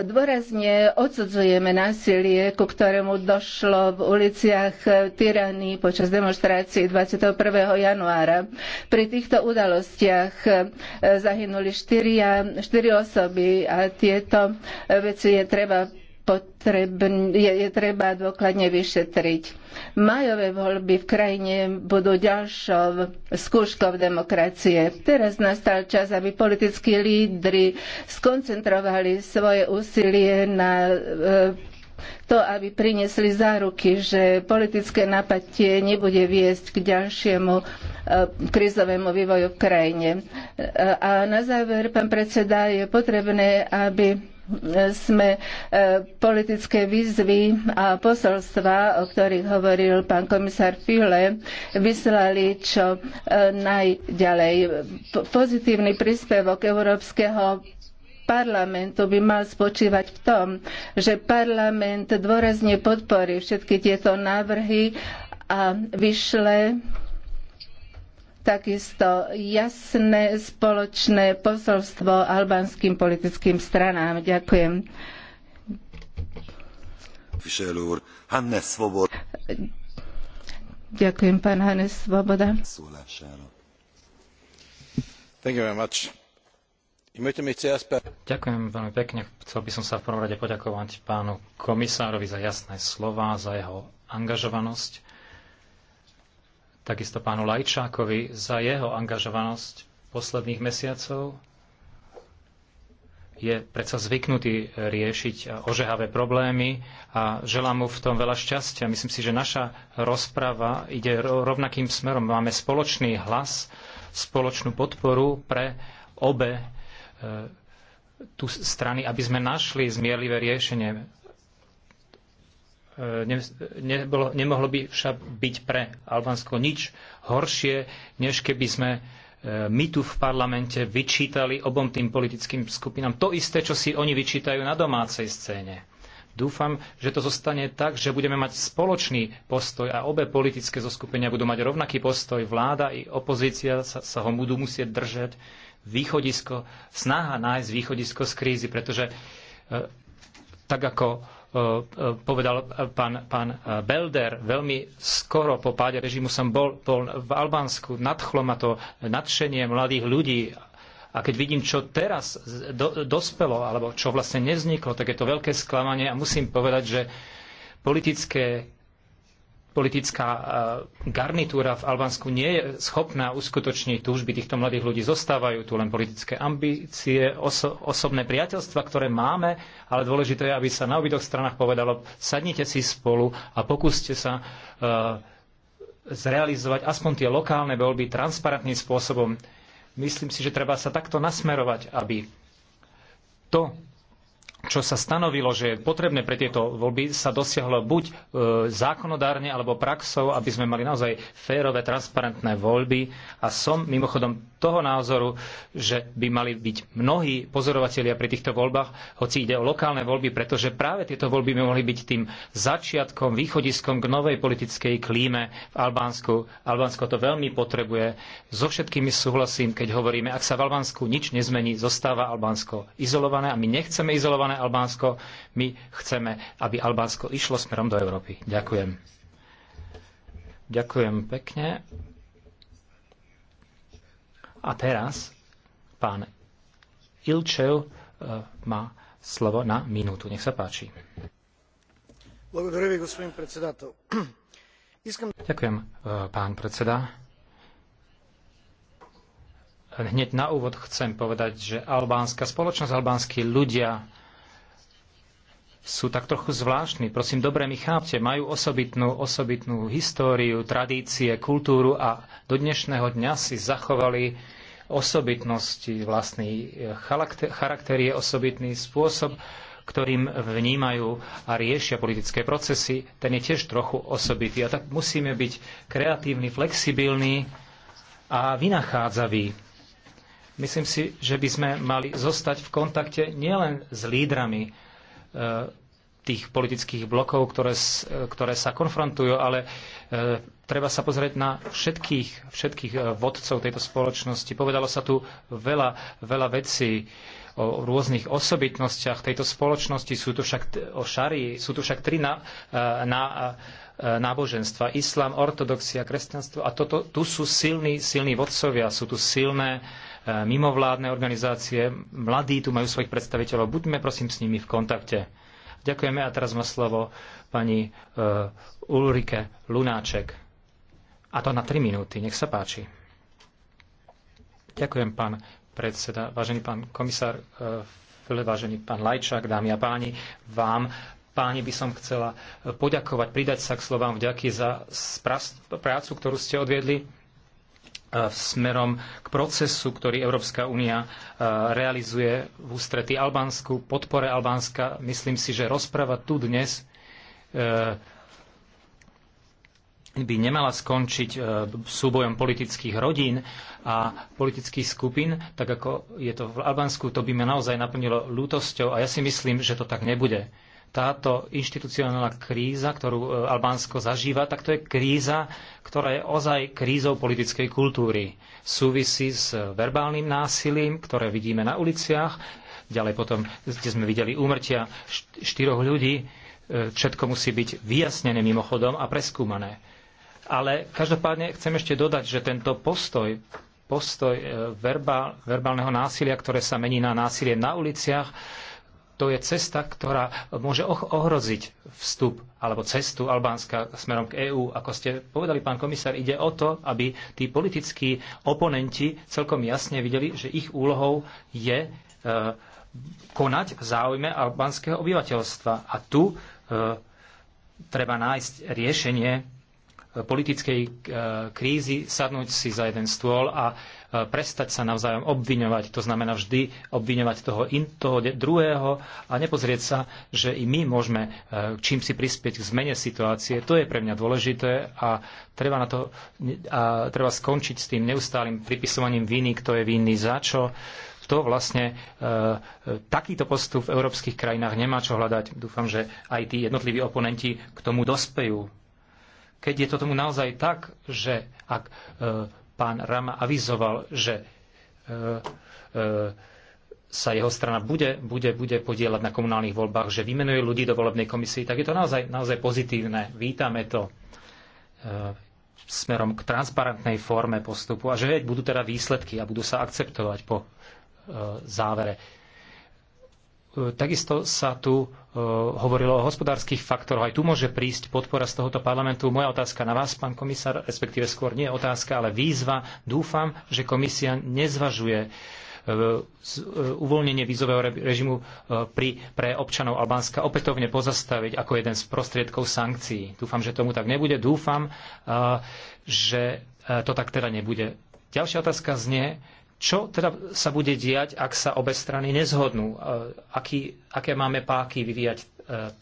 dôrazne odsudzujeme násilie, ku ktorému došlo v uliciach Tyrany počas demonstrácií 21. januára. Pri týchto udalostiach e, zahynuli štyria, štyri osoby a tieto veci je treba, potrebn- je, je treba dôkladne vyšetriť Majové voľby v krajine budú ďalšou skúškou demokracie. Teraz nastal čas, aby politickí lídry skoncentrovali svoje úsilie na e, to, aby priniesli záruky, že politické napätie nebude viesť k ďalšiemu e, krizovému vývoju v krajine. E, a na záver, pán predseda, je potrebné, aby sme e, politické výzvy a posolstva, o ktorých hovoril pán komisár File, vyslali čo e, najďalej. Pozitívny príspevok Európskeho parlamentu by mal spočívať v tom, že parlament dôrazne podporí všetky tieto návrhy a vyšle takisto jasné spoločné posolstvo albánskym politickým stranám. Ďakujem. Ďakujem, pán Hannes Svoboda. Ďakujem veľmi pekne. Chcel by som sa v prvom rade poďakovať pánu komisárovi za jasné slova, za jeho angažovanosť takisto pánu Lajčákovi za jeho angažovanosť posledných mesiacov. Je predsa zvyknutý riešiť ožehavé problémy a želám mu v tom veľa šťastia. Myslím si, že naša rozprava ide rovnakým smerom. Máme spoločný hlas, spoločnú podporu pre obe e, tu strany, aby sme našli zmierlivé riešenie nebolo, nemohlo by však byť pre Albánsko nič horšie, než keby sme e, my tu v parlamente vyčítali obom tým politickým skupinám to isté, čo si oni vyčítajú na domácej scéne. Dúfam, že to zostane tak, že budeme mať spoločný postoj a obe politické zoskupenia budú mať rovnaký postoj. Vláda i opozícia sa, sa ho budú musieť držať. Východisko, snaha nájsť východisko z krízy, pretože e, tak ako povedal pán, pán e, Belder, veľmi skoro po páde režimu som bol, bol v Albánsku, nadchlo ma to nadšenie mladých ľudí a keď vidím, čo teraz do, dospelo, alebo čo vlastne nevzniklo, tak je to veľké sklamanie a musím povedať, že politické politická e, garnitúra v Albánsku nie je schopná uskutočniť túžby týchto mladých ľudí. Zostávajú tu len politické ambície, oso- osobné priateľstva, ktoré máme, ale dôležité je, aby sa na obidvoch stranách povedalo, sadnite si spolu a pokúste sa e, zrealizovať aspoň tie lokálne voľby transparentným spôsobom. Myslím si, že treba sa takto nasmerovať, aby to, čo sa stanovilo, že je potrebné pre tieto voľby, sa dosiahlo buď e, zákonodárne alebo praxou, aby sme mali naozaj férové, transparentné voľby. A som mimochodom toho názoru, že by mali byť mnohí pozorovatelia pri týchto voľbách, hoci ide o lokálne voľby, pretože práve tieto voľby by mohli byť tým začiatkom, východiskom k novej politickej klíme v Albánsku. Albánsko to veľmi potrebuje. So všetkými súhlasím, keď hovoríme, ak sa v Albánsku nič nezmení, zostáva Albánsko izolované a my nechceme izolované okupované Albánsko. My chceme, aby Albánsko išlo smerom do Európy. Ďakujem. Ďakujem pekne. A teraz pán Ilčev eh, má slovo na minútu. Nech sa páči. (clears throat) Ďakujem, eh, pán predseda. Hneď na úvod chcem povedať, že albánska spoločnosť, albánsky ľudia sú tak trochu zvláštni. Prosím, dobre mi chápte, majú osobitnú, osobitnú históriu, tradície, kultúru a do dnešného dňa si zachovali osobitnosti, vlastný eh, charakter je osobitný spôsob, ktorým vnímajú a riešia politické procesy, ten je tiež trochu osobitý. A tak musíme byť kreatívni, flexibilní a vynachádzaví. Myslím si, že by sme mali zostať v kontakte nielen s lídrami, E, tých politických blokov, ktoré, e, ktoré sa konfrontujú, ale e, treba sa pozrieť na všetkých, všetkých vodcov tejto spoločnosti. Povedalo sa tu veľa, veľa vecí o rôznych osobitnostiach tejto spoločnosti. Sú tu však, o šari, sú tu však tri na, na, náboženstva. Islám, ortodoxia, kresťanstvo. A toto, tu sú silní, silní vodcovia, sú tu silné uh, E, mimovládne organizácie, mladí tu majú svojich predstaviteľov. Buďme prosím s nimi v kontakte. Ďakujeme a teraz má slovo pani e, Ulrike Lunáček. A to na 3 minúty. Nech sa páči. Ďakujem, pán predseda, vážený pán komisár e, vážený pán Lajčák, dámy a páni, vám páni by som chcela poďakovať, pridať sa k slovám vďaky za prácu, ktorú ste odviedli E, smerom k procesu, ktorý Európska únia e, realizuje v ústretí Albánsku, podpore Albánska. Myslím si, že rozprava tu dnes e, by nemala skončiť súbojom politických rodín a politických skupín, tak ako je to v Albánsku, to by ma naozaj naplnilo lútosťou a ja si myslím, že to tak nebude táto inštitucionálna kríza, ktorú e, Albánsko zažíva, tak to je kríza, ktorá je ozaj krízou politickej kultúry. Súvisí s verbálnym násilím, ktoré vidíme na uliciach, ďalej potom, kde sme videli úmrtia štyroch ľudí, e, všetko musí byť vyjasnené mimochodom a preskúmané. Ale každopádne chcem ešte dodať, že tento postoj postoj e, verbál, verbálneho násilia, ktoré sa mení na násilie na uliciach, to je cesta, ktorá môže ohroziť vstup alebo cestu Albánska smerom k EÚ. Ako ste povedali, pán komisár, ide o to, aby tí politickí oponenti celkom jasne videli, že ich úlohou je e, konať v záujme albánskeho obyvateľstva. A tu e, treba nájsť riešenie politickej eh, krízy sadnúť si za jeden stôl a eh, prestať sa navzájom obviňovať. To znamená vždy obviňovať toho, in, toho druhého a nepozrieť sa, že i my môžeme eh, čím si prispieť k zmene situácie. To je pre mňa dôležité a treba, na to, a treba skončiť s tým neustálým pripisovaním viny, kto je vinný za čo to vlastne e, takýto postup v európskych krajinách nemá čo hľadať. Dúfam, že aj tí jednotliví oponenti k tomu dospejú keď je to tomu naozaj tak, že ak e, pán Rama avizoval, že e, e, sa jeho strana bude, bude, bude podielať na komunálnych voľbách, že vymenuje ľudí do volebnej komisie, tak je to naozaj, naozaj pozitívne. Vítame to smerom k transparentnej forme postupu a že budú teda výsledky a budú sa akceptovať po závere E, takisto sa tu e, hovorilo o hospodárskych faktoroch. Aj tu môže prísť podpora z tohoto parlamentu. Moja otázka na vás, pán komisár, respektíve skôr nie otázka, ale výzva. Dúfam, že komisia nezvažuje e, uvoľnenie vízového režimu pri, pre občanov Albánska opätovne pozastaviť ako jeden z prostriedkov sankcií. Dúfam, že tomu tak nebude. Dúfam, že to tak teda nebude. Ďalšia otázka znie, čo teda sa bude diať, ak sa obe strany nezhodnú? E, aký, aké máme páky vyvíjať e,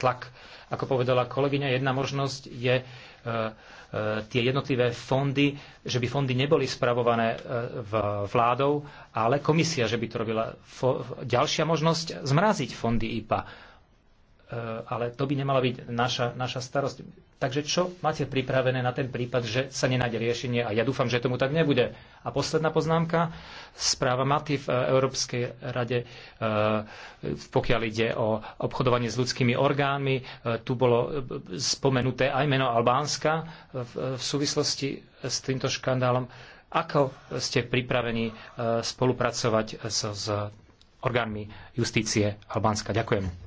tlak? Ako povedala kolegyňa, jedna možnosť je e, tie jednotlivé fondy, že by fondy neboli spravované vládou, ale komisia, že by to robila. Ďalšia možnosť zmraziť fondy IPA. Eh, ale to by nemala byť naša, naša starosť. Takže čo máte pripravené na ten prípad, že sa nenájde riešenie a ja dúfam, že tomu tak nebude. A posledná poznámka, správa Maty v eh, Európskej rade, eh, pokiaľ ide o obchodovanie s ľudskými orgánmi, tu bolo spomenuté aj meno Albánska v súvislosti s týmto škandálom. Ako ste pripravení spolupracovať s, s orgánmi justície Albánska? Ďakujem.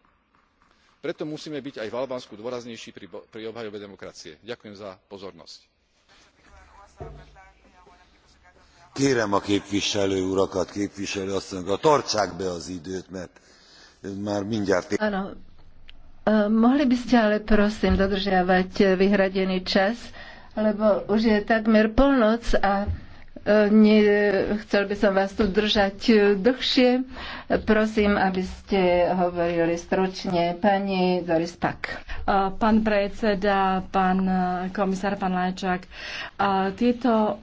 preto musíme byť aj v albánsku dôraznejší pri obhajobe demokracie. ďakujem za pozornosť. kérem a képviselő urakat képviselő asszonyokat tartsák be az időt mert már mindjárt. Áno. Mohli by ste ale prosím dodržiavať vyhradený čas, lebo už je takmer polnoc a Ne, chcel by som vás tu držať e, dlhšie. Prosím, aby ste hovorili stručne. Pani Doris Pak. Eh, pán predseda, pán eh, komisár, pán Lajčák. Eh, tieto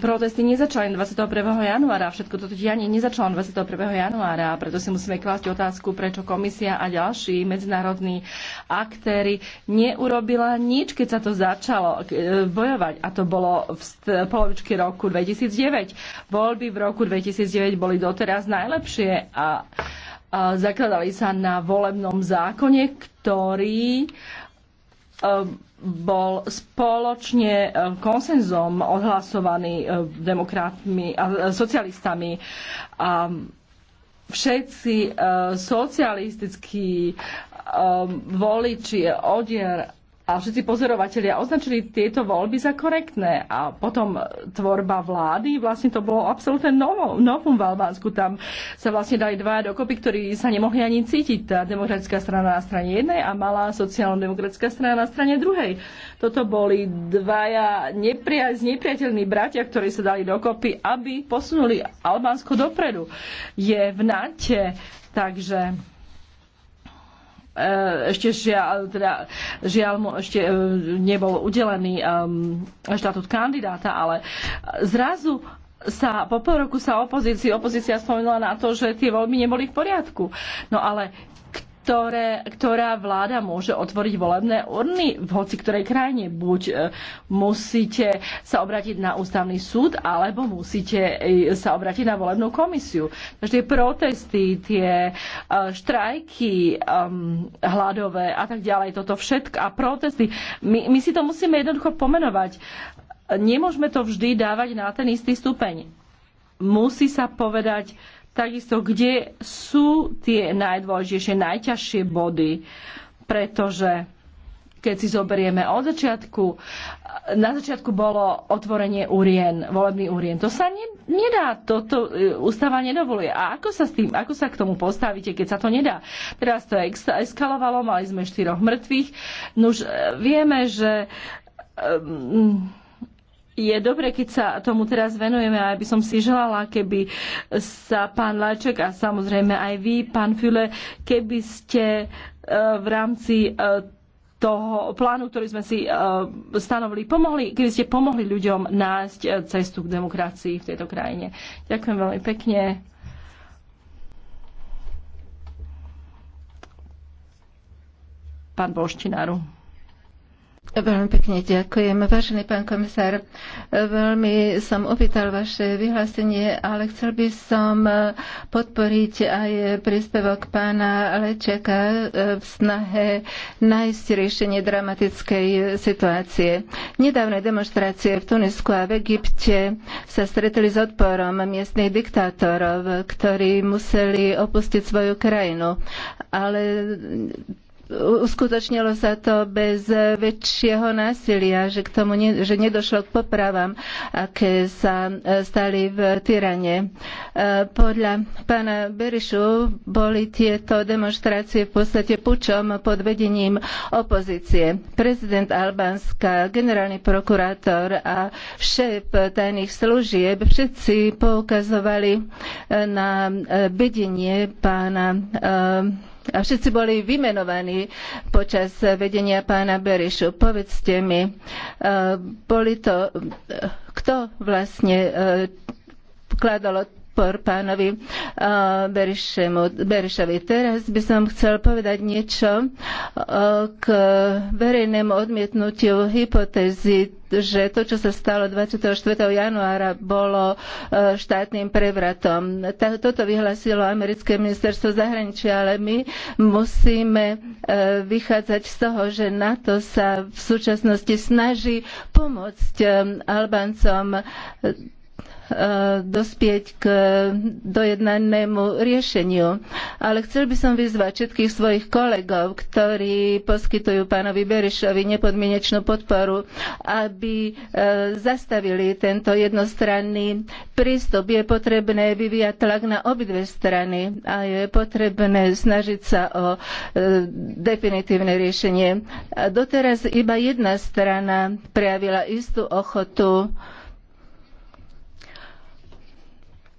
protesty nezačali 21. januára, všetko toto dianie nezačalo 21. januára, preto si musíme klásť otázku, prečo komisia a ďalší medzinárodní aktéry neurobila nič, keď sa to začalo bojovať. A to bolo v polovičke roku 2009. Voľby v roku 2009 boli doteraz najlepšie a zakladali sa na volebnom zákone, ktorý e, bol spoločne e, konsenzom odhlasovaný e, demokratmi a socialistami. A všetci socialistickí voliči Odier a všetci pozorovatelia označili tieto voľby za korektné. A potom tvorba vlády, vlastne to bolo absolútne novo, novum v Albánsku. Tam sa vlastne dali dva dokopy, ktorí sa nemohli ani cítiť. Tá demokratická strana na strane jednej a malá sociálno-demokratická strana na strane druhej. Toto boli dvaja nepria- nepriateľní bratia, ktorí sa dali dokopy, aby posunuli Albánsko dopredu. Je v náte, takže E, ešte žiaľ, teda, žiaľ mu ešte e, nebol udelený štatút kandidáta, ale zrazu sa po pol roku sa opozícii, opozícia spomenula na to, že tie voľby neboli v poriadku. No ale ktoré, ktorá vláda môže otvoriť volebné urny v hoci ktorej krajine. Buď e, musíte sa obratiť na ústavný súd, alebo musíte e, sa obratiť na volebnú komisiu. Takže tie protesty, tie e, štrajky um, hladové a tak ďalej, toto všetko a protesty. My, my si to musíme jednoducho pomenovať. Nemôžeme to vždy dávať na ten istý stupeň. Musí sa povedať, takisto, kde sú tie najdôležitejšie, najťažšie body, pretože keď si zoberieme od začiatku, na začiatku bolo otvorenie urien, volebný urien. To sa ne, nedá, toto e, ústava nedovoluje. A ako sa, s tým, ako sa k tomu postavíte, keď sa to nedá? Teraz to eskalovalo, mali sme štyroch mŕtvych. už e, vieme, že um, je dobre, keď sa tomu teraz venujeme a by som si želala, keby sa pán lajček a samozrejme aj vy, pán Füle, keby ste e, v rámci e, toho plánu, ktorý sme si e, stanovili, pomohli, keby ste pomohli ľuďom nájsť cestu k demokracii v tejto krajine. Ďakujem veľmi pekne. Pán Boštinaru. Veľmi pekne ďakujem. Vážený pán komisár, veľmi som uvítal vaše vyhlásenie, ale chcel by som podporiť aj príspevok pána Lečeka v snahe nájsť riešenie dramatickej situácie. Nedávne demonstrácie v Tunisku a v Egypte sa stretli s odporom miestnych diktátorov, ktorí museli opustiť svoju krajinu. Ale uskutočnilo sa to bez väčšieho násilia, že, k tomu ne, že nedošlo k popravám, aké sa e, stali v Tyrane. E, podľa pána Berišu boli tieto demonstrácie v podstate pučom pod vedením opozície. Prezident Albánska, generálny prokurátor a šéf tajných služieb všetci poukazovali e, na vedenie pána a všetci boli vymenovaní počas vedenia pána Berišu. Povedzte mi, e, boli to, e, kto vlastne e, kladol odpor pánovi eh, Berišovi. Teraz by som chcel povedať niečo eh, k verejnému odmietnutiu hypotézy že to, čo sa stalo 24. januára, bolo eh, štátnym prevratom. Toto vyhlasilo americké ministerstvo zahraničia, ale my musíme vychádzať z toho, že NATO sa v súčasnosti snaží pomôcť Albáncom Eh, dospieť k dojednanému riešeniu. Ale chcel by som vyzvať všetkých svojich kolegov, ktorí poskytujú pánovi Berišovi nepodmienečnú podporu, aby eh, zastavili tento jednostranný prístup. Je potrebné vyvíjať tlak na obidve strany a je potrebné snažiť sa o eh, definitívne riešenie. Doteraz iba jedna strana prejavila istú ochotu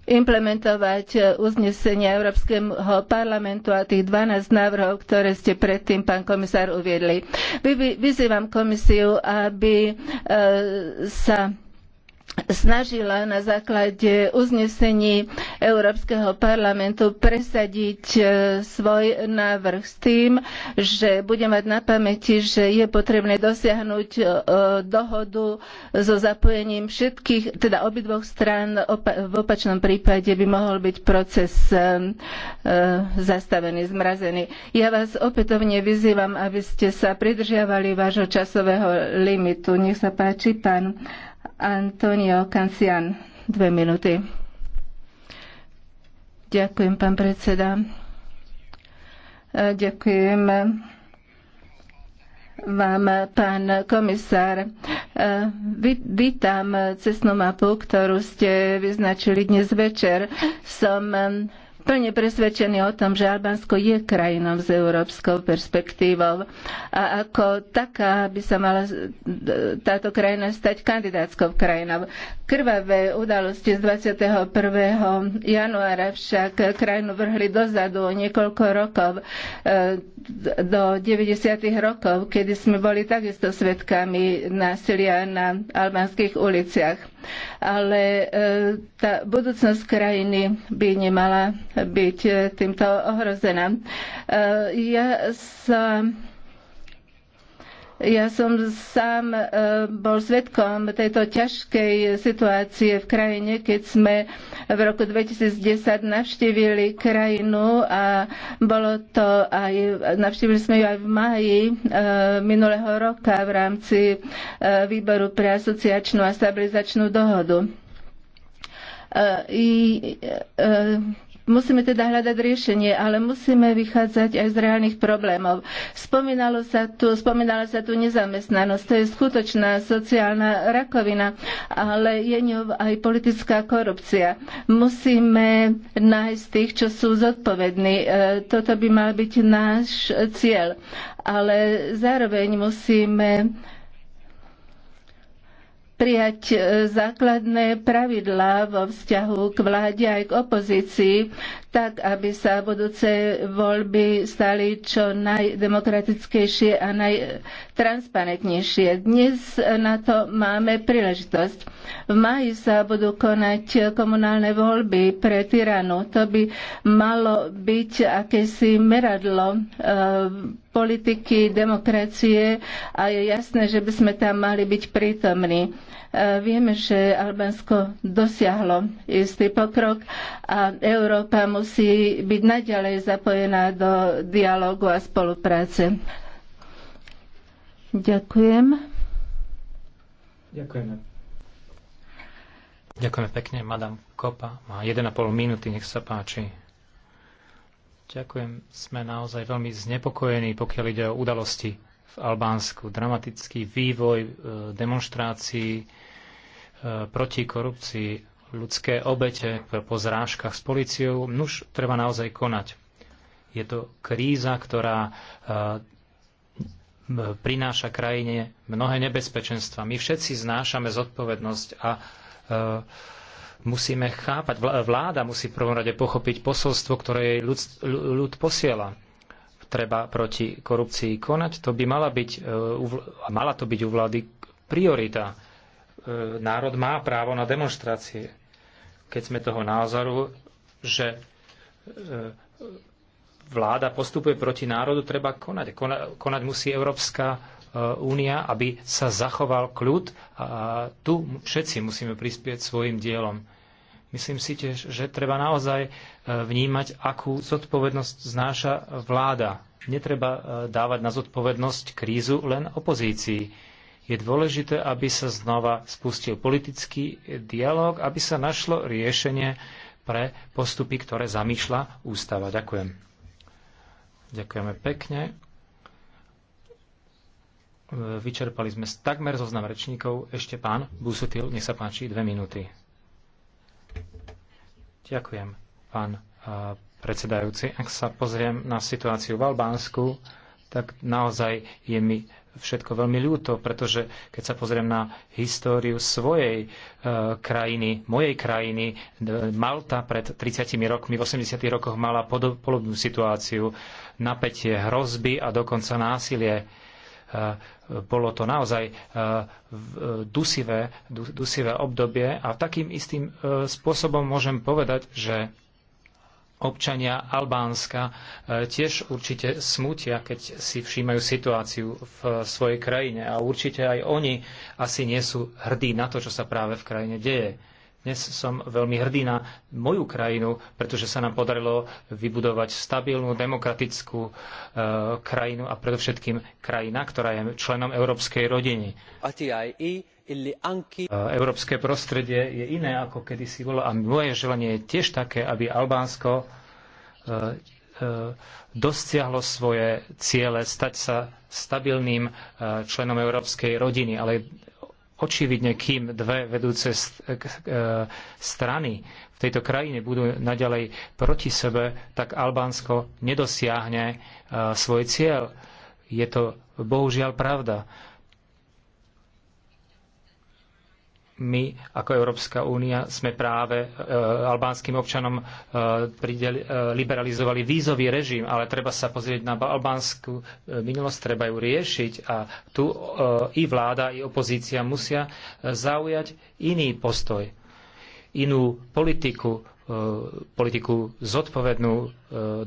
implementovať eh, uznesenia Európskeho parlamentu a tých 12 návrhov, ktoré ste predtým, pán komisár, uviedli. Vyzývam komisiu, aby eh, sa snažila na základe uznesení Európskeho parlamentu presadiť e, svoj návrh s tým, že bude mať na pamäti, že je potrebné dosiahnuť e, dohodu so zapojením všetkých, teda obidvoch strán. V opačnom prípade by mohol byť proces e, zastavený, zmrazený. Ja vás opätovne vyzývam, aby ste sa pridržiavali vášho časového limitu. Nech sa páči, pán Antonio Cancian. dve minúty. Ďakujem, pán predseda. Ďakujem vám, pán komisár. Vítam cestnú mapu, ktorú ste vyznačili dnes večer. Som plne presvedčený o tom, že Albánsko je krajinou s európskou perspektívou a ako taká by sa mala táto krajina stať kandidátskou krajinou. Krvavé udalosti z 21. januára však krajinu vrhli dozadu o niekoľko rokov e, do 90. rokov, kedy sme boli takisto svedkami násilia na albánskych uliciach ale e, tá budúcnosť krajiny by nemala byť e, týmto ohrozená. E, ja sa ja som sám e, bol svetkom tejto ťažkej situácie v krajine, keď sme v roku 2010 navštívili krajinu a bolo to aj, navštívili sme ju aj v máji e, minulého roka v rámci e, výboru pre asociačnú a stabilizačnú dohodu. I, Musíme teda hľadať riešenie, ale musíme vychádzať aj z reálnych problémov. Spomínalo sa tu, spomínala sa tu nezamestnanosť, to je skutočná sociálna rakovina, ale je ňou aj politická korupcia. Musíme nájsť tých, čo sú zodpovední. E, toto by mal byť náš cieľ. Ale zároveň musíme prijať e, základné pravidlá vo vzťahu k vláde aj k opozícii tak aby sa budúce voľby stali čo najdemokratickejšie a najtransparentnejšie. Dnes na to máme príležitosť. V maji sa budú konať komunálne voľby pre Tyranu. To by malo byť akési meradlo eh, politiky, demokracie a je jasné, že by sme tam mali byť prítomní. Eh, vieme, že Albánsko dosiahlo istý pokrok a Európa mu musí byť naďalej zapojená do dialógu a spolupráce. Ďakujem. Ďakujeme. Ďakujeme pekne, madam Kopa. Má 1,5 minúty, nech sa páči. Ďakujem. Sme naozaj veľmi znepokojení, pokiaľ ide o udalosti v Albánsku. Dramatický vývoj e, demonstrácií e, proti korupcii ľudské obete po zrážkach s policiou. Nuž, treba naozaj konať. Je to kríza, ktorá e, prináša krajine mnohé nebezpečenstva. My všetci znášame zodpovednosť a e, musíme chápať, vláda musí v prvom rade pochopiť posolstvo, ktoré jej ľud, ľud posiela. Treba proti korupcii konať, to by mala, byť, e, mala to byť u vlády priorita. Národ má právo na demonstrácie keď sme toho názoru, že e, vláda postupuje proti národu, treba konať. konať musí Európska e, únia, aby sa zachoval kľud a tu všetci musíme prispieť svojim dielom. Myslím si tiež, že treba naozaj e, vnímať, akú zodpovednosť znáša vláda. Netreba dávať na zodpovednosť krízu len opozícii je dôležité, aby sa znova spustil politický dialog, aby sa našlo riešenie pre postupy, ktoré zamýšľa ústava. Ďakujem. Ďakujeme pekne. Vyčerpali sme takmer zoznam rečníkov. Ešte pán Busutil, nech sa páči, dve minúty. Ďakujem, pán predsedajúci. Ak sa pozriem na situáciu v Albánsku, tak naozaj je mi všetko veľmi ľúto, pretože keď sa pozriem na históriu svojej e, krajiny, mojej krajiny, e, Malta pred 30 rokmi, v 80 rokoch mala podobnú situáciu, napätie, hrozby a dokonca násilie. E, bolo to naozaj e, e, dusivé, dusivé obdobie a takým istým e, spôsobom môžem povedať, že občania Albánska e, tiež určite smútia, keď si všímajú situáciu v svojej krajine. A určite aj oni asi nie sú hrdí na to, čo sa práve v krajine deje. Dnes som veľmi hrdý na moju krajinu, pretože sa nám podarilo vybudovať stabilnú, demokratickú e, krajinu a predovšetkým krajina, ktorá je členom európskej rodiny. E, európske prostredie je iné, ako kedysi bolo a moje želanie je tiež také, aby Albánsko e, e, dosiahlo svoje ciele stať sa stabilným e, členom európskej rodiny, ale Očividne, kým dve vedúce e, strany v tejto krajine budú naďalej proti sebe, tak Albánsko nedosiahne e, svoj cieľ. Je to bohužiaľ pravda. my ako Európska únia sme práve e, albánskym občanom e, prideli, e, liberalizovali vízový režim, ale treba sa pozrieť na albánsku e, minulosť, treba ju riešiť a tu e, i vláda, i opozícia musia e, zaujať iný postoj, inú politiku, e, politiku zodpovednú, e,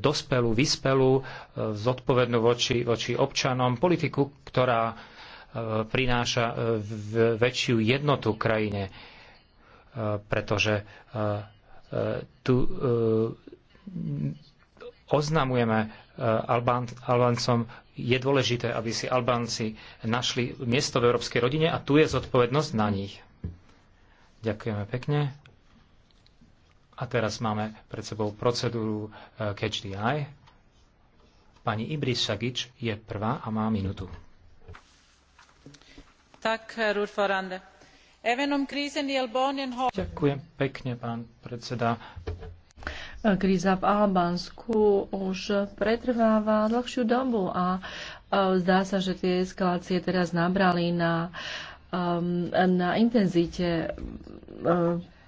dospelú, vyspelú, e, zodpovednú voči, voči občanom, politiku, ktorá E, prináša e, väčšiu jednotu krajine, e, pretože tu oznamujeme Albáncom, je dôležité, aby si Albánci našli miesto v európskej rodine a tu je zodpovednosť na nich. Ďakujeme pekne. A teraz máme pred sebou procedúru Catch the Eye. Pani Ibris Sagič je prvá a má minutu. Ďakujem pekne, pán predseda. E, kríza v Albánsku už pretrváva dlhšiu dobu a e, zdá sa, že tie eskalácie teraz nabrali na, na intenzite e,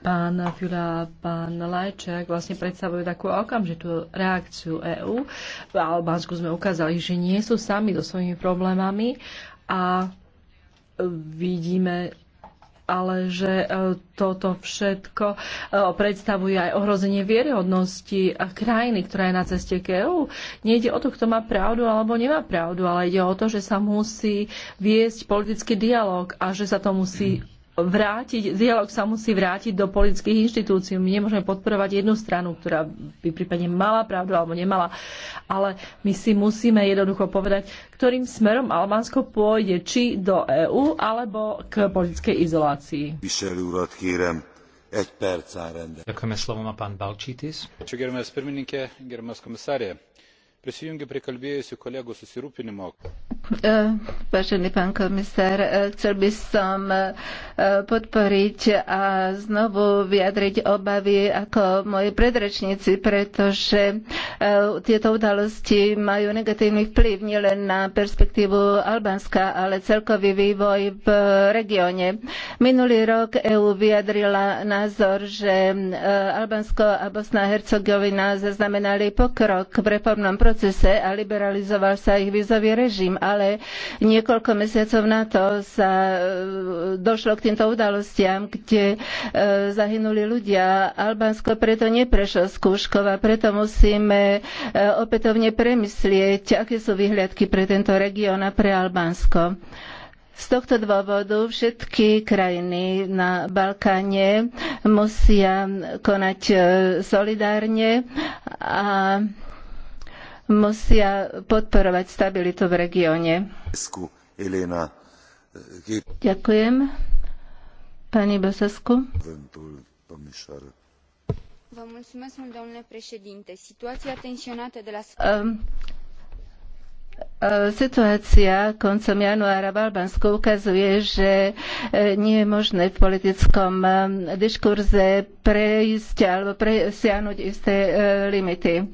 pán Fila pán Lajčák vlastne predstavujú takú okamžitú reakciu EÚ. V Albánsku sme ukázali, že nie sú sami so svojimi problémami a vidíme ale že e, toto všetko e, predstavuje aj ohrozenie vierhodnosti e, krajiny, ktorá je na ceste k EÚ. Nejde o to, kto má pravdu alebo nemá pravdu, ale ide o to, že sa musí viesť politický dialog a že sa to musí vrátiť, dialog sa musí vrátiť do politických inštitúcií. My nemôžeme podporovať jednu stranu, ktorá by prípadne mala pravdu alebo nemala, ale my si musíme jednoducho povedať, ktorým smerom Albánsko pôjde, či do EÚ alebo k politickej izolácii. Ďakujeme slovo má pán Balčítis. Čo, gerbiamas pirmininkė, gerbiamas komisarė prisijungiu prie kalbėjusių kolegų susirūpinimo. E, vážený pán komisár, e, chcel by som e, podporiť a znovu vyjadriť obavy ako moji predrečníci, pretože tieto udalosti majú negatívny vplyv nielen na perspektívu Albánska, ale celkový vývoj v regióne. Minulý rok EÚ vyjadrila názor, že Albánsko a Bosna a Hercegovina zaznamenali pokrok v reformnom procesu procese a liberalizoval sa ich vízový režim, ale niekoľko mesiacov na to sa e, došlo k týmto udalostiam, kde e, zahynuli ľudia. Albánsko preto neprešlo skúškov a preto musíme e, opätovne premyslieť, aké sú vyhliadky pre tento región a pre Albánsko. Z tohto dôvodu všetky krajiny na Balkáne musia konať solidárne a musia podporovať stabilitu v regióne. Eh, Ďakujem. Pani Bosescu. Vă mulțumesc mult, domnule președinte. Situația tensionată de la... Um, E, situácia koncom januára v Albánsku ukazuje, že e, nie je možné v politickom e, diskurze prejsť alebo presiahnuť isté limity.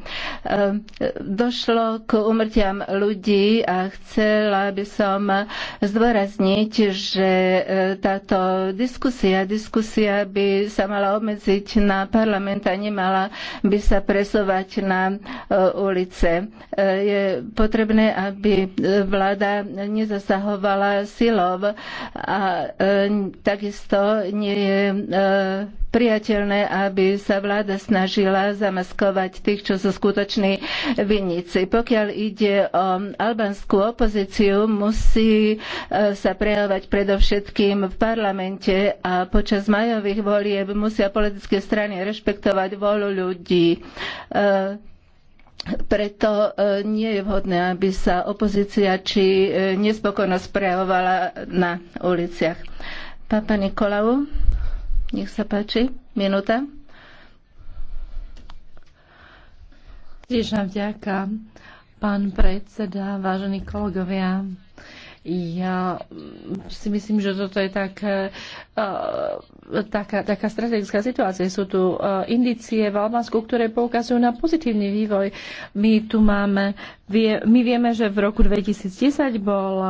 Došlo k umrtiam ľudí a chcela by som zdôrazniť, že táto diskusia, diskusia by sa mala obmedziť na parlament a nemala by sa presovať na ulice. Je potrebné, aby aby e, vláda nezasahovala silov a e, takisto nie je e, priateľné, aby sa vláda snažila zamaskovať tých, čo sú skutoční vinníci. Pokiaľ ide o albanskú opozíciu, musí sa prejavovať predovšetkým v parlamente a počas majových volieb musia politické strany rešpektovať volu ľudí preto e, nie je vhodné, aby sa opozícia či e, nespokojnosť prejavovala na uliciach. Papa Nikolau, nech sa páči, minúta. Tiež vďaka, pán predseda, vážení kolegovia, ja mm, si myslím, že toto je tak, eh, eh, taká, taká strategická situácia. Sú tu eh, indicie v Albánsku, ktoré poukazujú na pozitívny vývoj. My tu máme, my vieme, že v roku 2010 bol,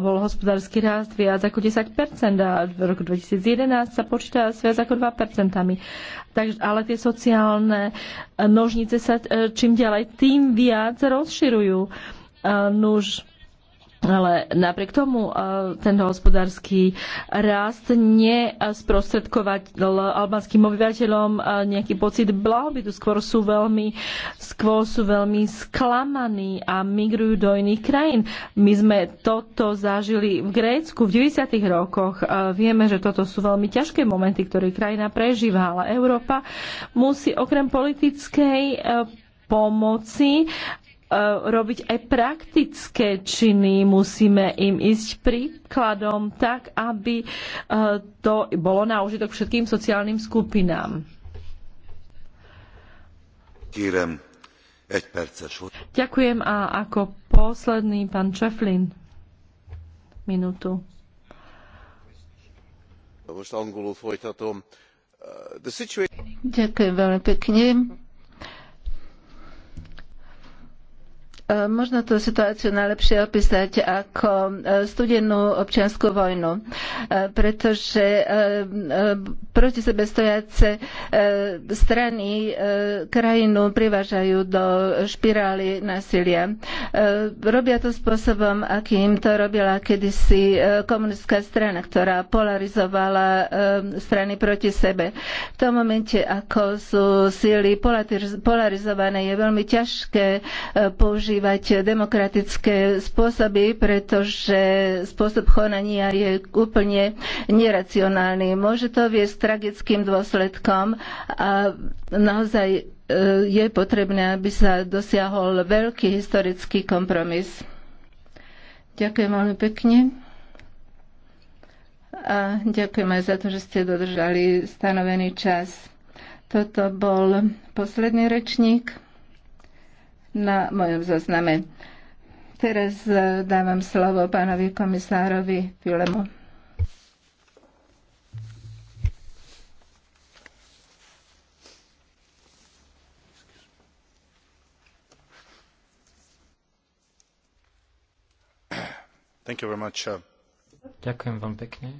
bol hospodársky rast viac ako 10% a v roku 2011 sa počíta s viac ako 2%. Takže, ale tie sociálne nožnice sa čím ďalej tým viac rozširujú. Nuž, ale napriek tomu e, ten hospodársky rast nesprostredkovať albanským obyvateľom e, nejaký pocit blahobytu. Skôr sú veľmi, skôr sú veľmi sklamaní a migrujú do iných krajín. My sme toto zažili v Grécku v 90. rokoch. E, vieme, že toto sú veľmi ťažké momenty, ktoré krajina prežíva, ale Európa musí okrem politickej pomoci Eh, robiť aj praktické činy, musíme im ísť príkladom tak, aby eh, to bolo na užitok všetkým sociálnym skupinám. Kýrem, egy perces Ďakujem a ako posledný pán Čeflin. Minútu. Eh, Ďakujem veľmi pekne E, možno tú situáciu najlepšie opísať ako e, studenú občianskú vojnu, e, pretože proti sebe stojace strany krajinu privážajú do špirály násilia. Robia to spôsobom, akým to robila kedysi komunistická strana, ktorá polarizovala strany proti sebe. V tom momente, ako sú síly polarizované, je veľmi ťažké používať používať demokratické spôsoby, pretože spôsob konania je úplne neracionálny. Môže to viesť tragickým dôsledkom a naozaj e, je potrebné, aby sa dosiahol veľký historický kompromis. Ďakujem veľmi pekne a ďakujem aj za to, že ste dodržali stanovený čas. Toto bol posledný rečník na mojom zozname. Teraz eh, dávam slovo pánovi komisárovi Filemu. Thank you very much. Uh, Ďakujem vám pekne.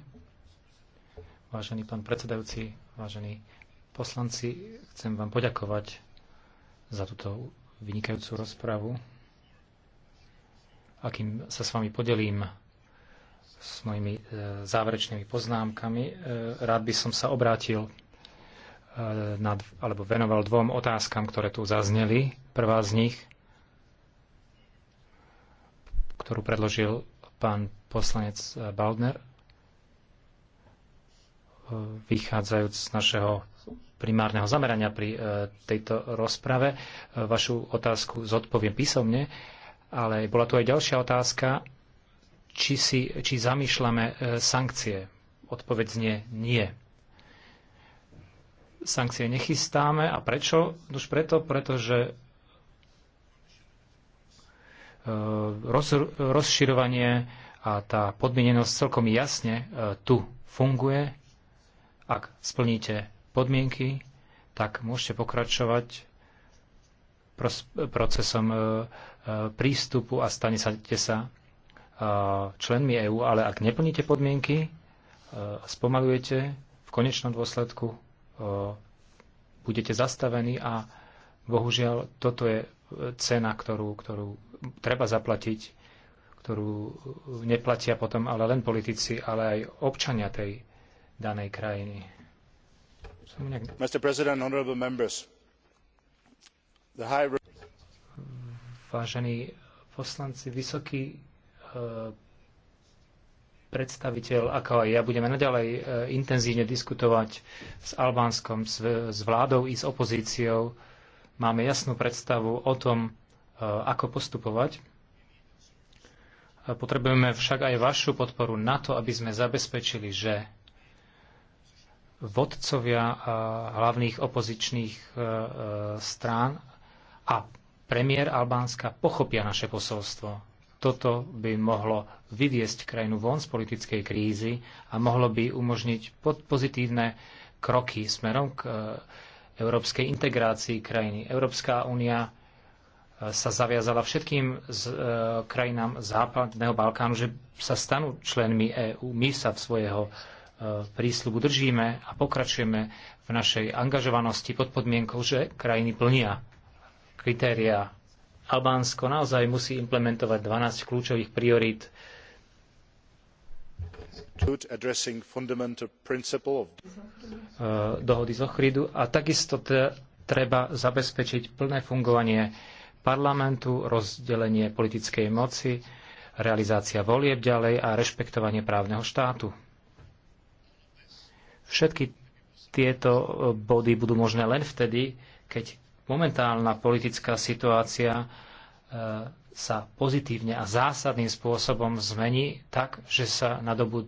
Vážený pán predsedajúci, vážení poslanci, chcem vám poďakovať za túto vynikajúcu rozpravu, A kým sa s vami podelím s mojimi e, záverečnými poznámkami. E, rád by som sa obrátil e, na, alebo venoval dvom otázkam, ktoré tu zazneli. Prvá z nich, ktorú predložil pán poslanec Baldner, vychádzajúc z našeho primárneho zamerania pri e, tejto rozprave. E, vašu otázku zodpoviem písomne, ale bola tu aj ďalšia otázka, či, si, či zamýšľame e, sankcie. Odpoveď znie nie. Sankcie nechystáme. A prečo? Už preto, pretože roz, rozširovanie a tá podmienenosť celkom jasne tu funguje, ak splníte podmienky, tak môžete pokračovať procesom e, e, prístupu a stanete sa e, členmi EÚ, ale ak neplníte podmienky, spomalujete, v konečnom dôsledku budete zastavení a bohužiaľ toto je cena, ktorú, ktorú treba zaplatiť, ktorú neplatia potom ale len politici, ale aj občania tej danej krajiny. Vážení poslanci, vysoký e, predstaviteľ, ako aj ja, budeme naďalej e, intenzívne diskutovať s Albánskom, s vládou i s opozíciou. Máme jasnú predstavu o tom, e, ako postupovať. Potrebujeme však aj vašu podporu na to, aby sme zabezpečili, že vodcovia eh, hlavných opozičných eh, eh, strán a premiér Albánska pochopia naše posolstvo. Toto by mohlo vyviesť krajinu von z politickej krízy a mohlo by umožniť pozitívne kroky smerom k európskej integrácii krajiny. Európska únia sa zaviazala všetkým z, e, krajinám Západného Balkánu, že sa stanú členmi EÚ. My sa v svojho prísľubu držíme a pokračujeme v našej angažovanosti pod podmienkou, že krajiny plnia kritériá. Albánsko naozaj musí implementovať 12 kľúčových priorít e, dohody z Ochridu a takisto treba zabezpečiť plné fungovanie parlamentu, rozdelenie politickej moci, realizácia volieb ďalej a rešpektovanie právneho štátu. Všetky tieto e, body budú možné len vtedy, keď momentálna politická situácia e, sa pozitívne a zásadným spôsobom zmení tak, že sa na dobu e,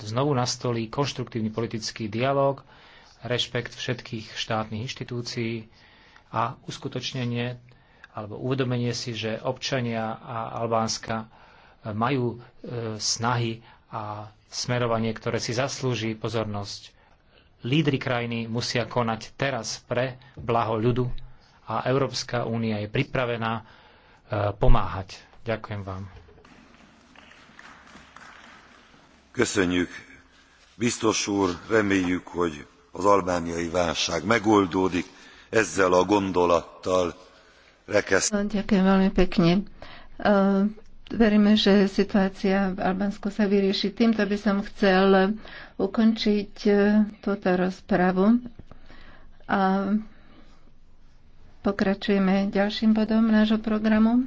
znovu nastolí konštruktívny politický dialog, rešpekt všetkých štátnych inštitúcií a uskutočnenie alebo uvedomenie si, že občania a Albánska majú snahy a smerovanie, ktoré si zaslúži pozornosť. Lídry krajiny musia konať teraz pre blaho ľudu a Európska únia je pripravená e, pomáhať. Ďakujem vám. Köszönjük. Biztos úr, reméljük, hogy az albániai válság megoldódik, ezzel a gondolattal Rekesz... Ďakujem veľmi pekne veríme, že situácia v Albánsku sa vyrieši. Týmto by som chcel ukončiť e, túto rozpravu a pokračujeme ďalším bodom nášho programu,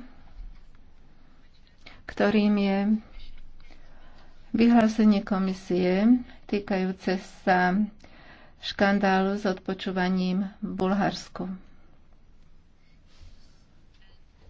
ktorým je vyhlásenie komisie týkajúce sa škandálu s odpočúvaním v Bulharsku.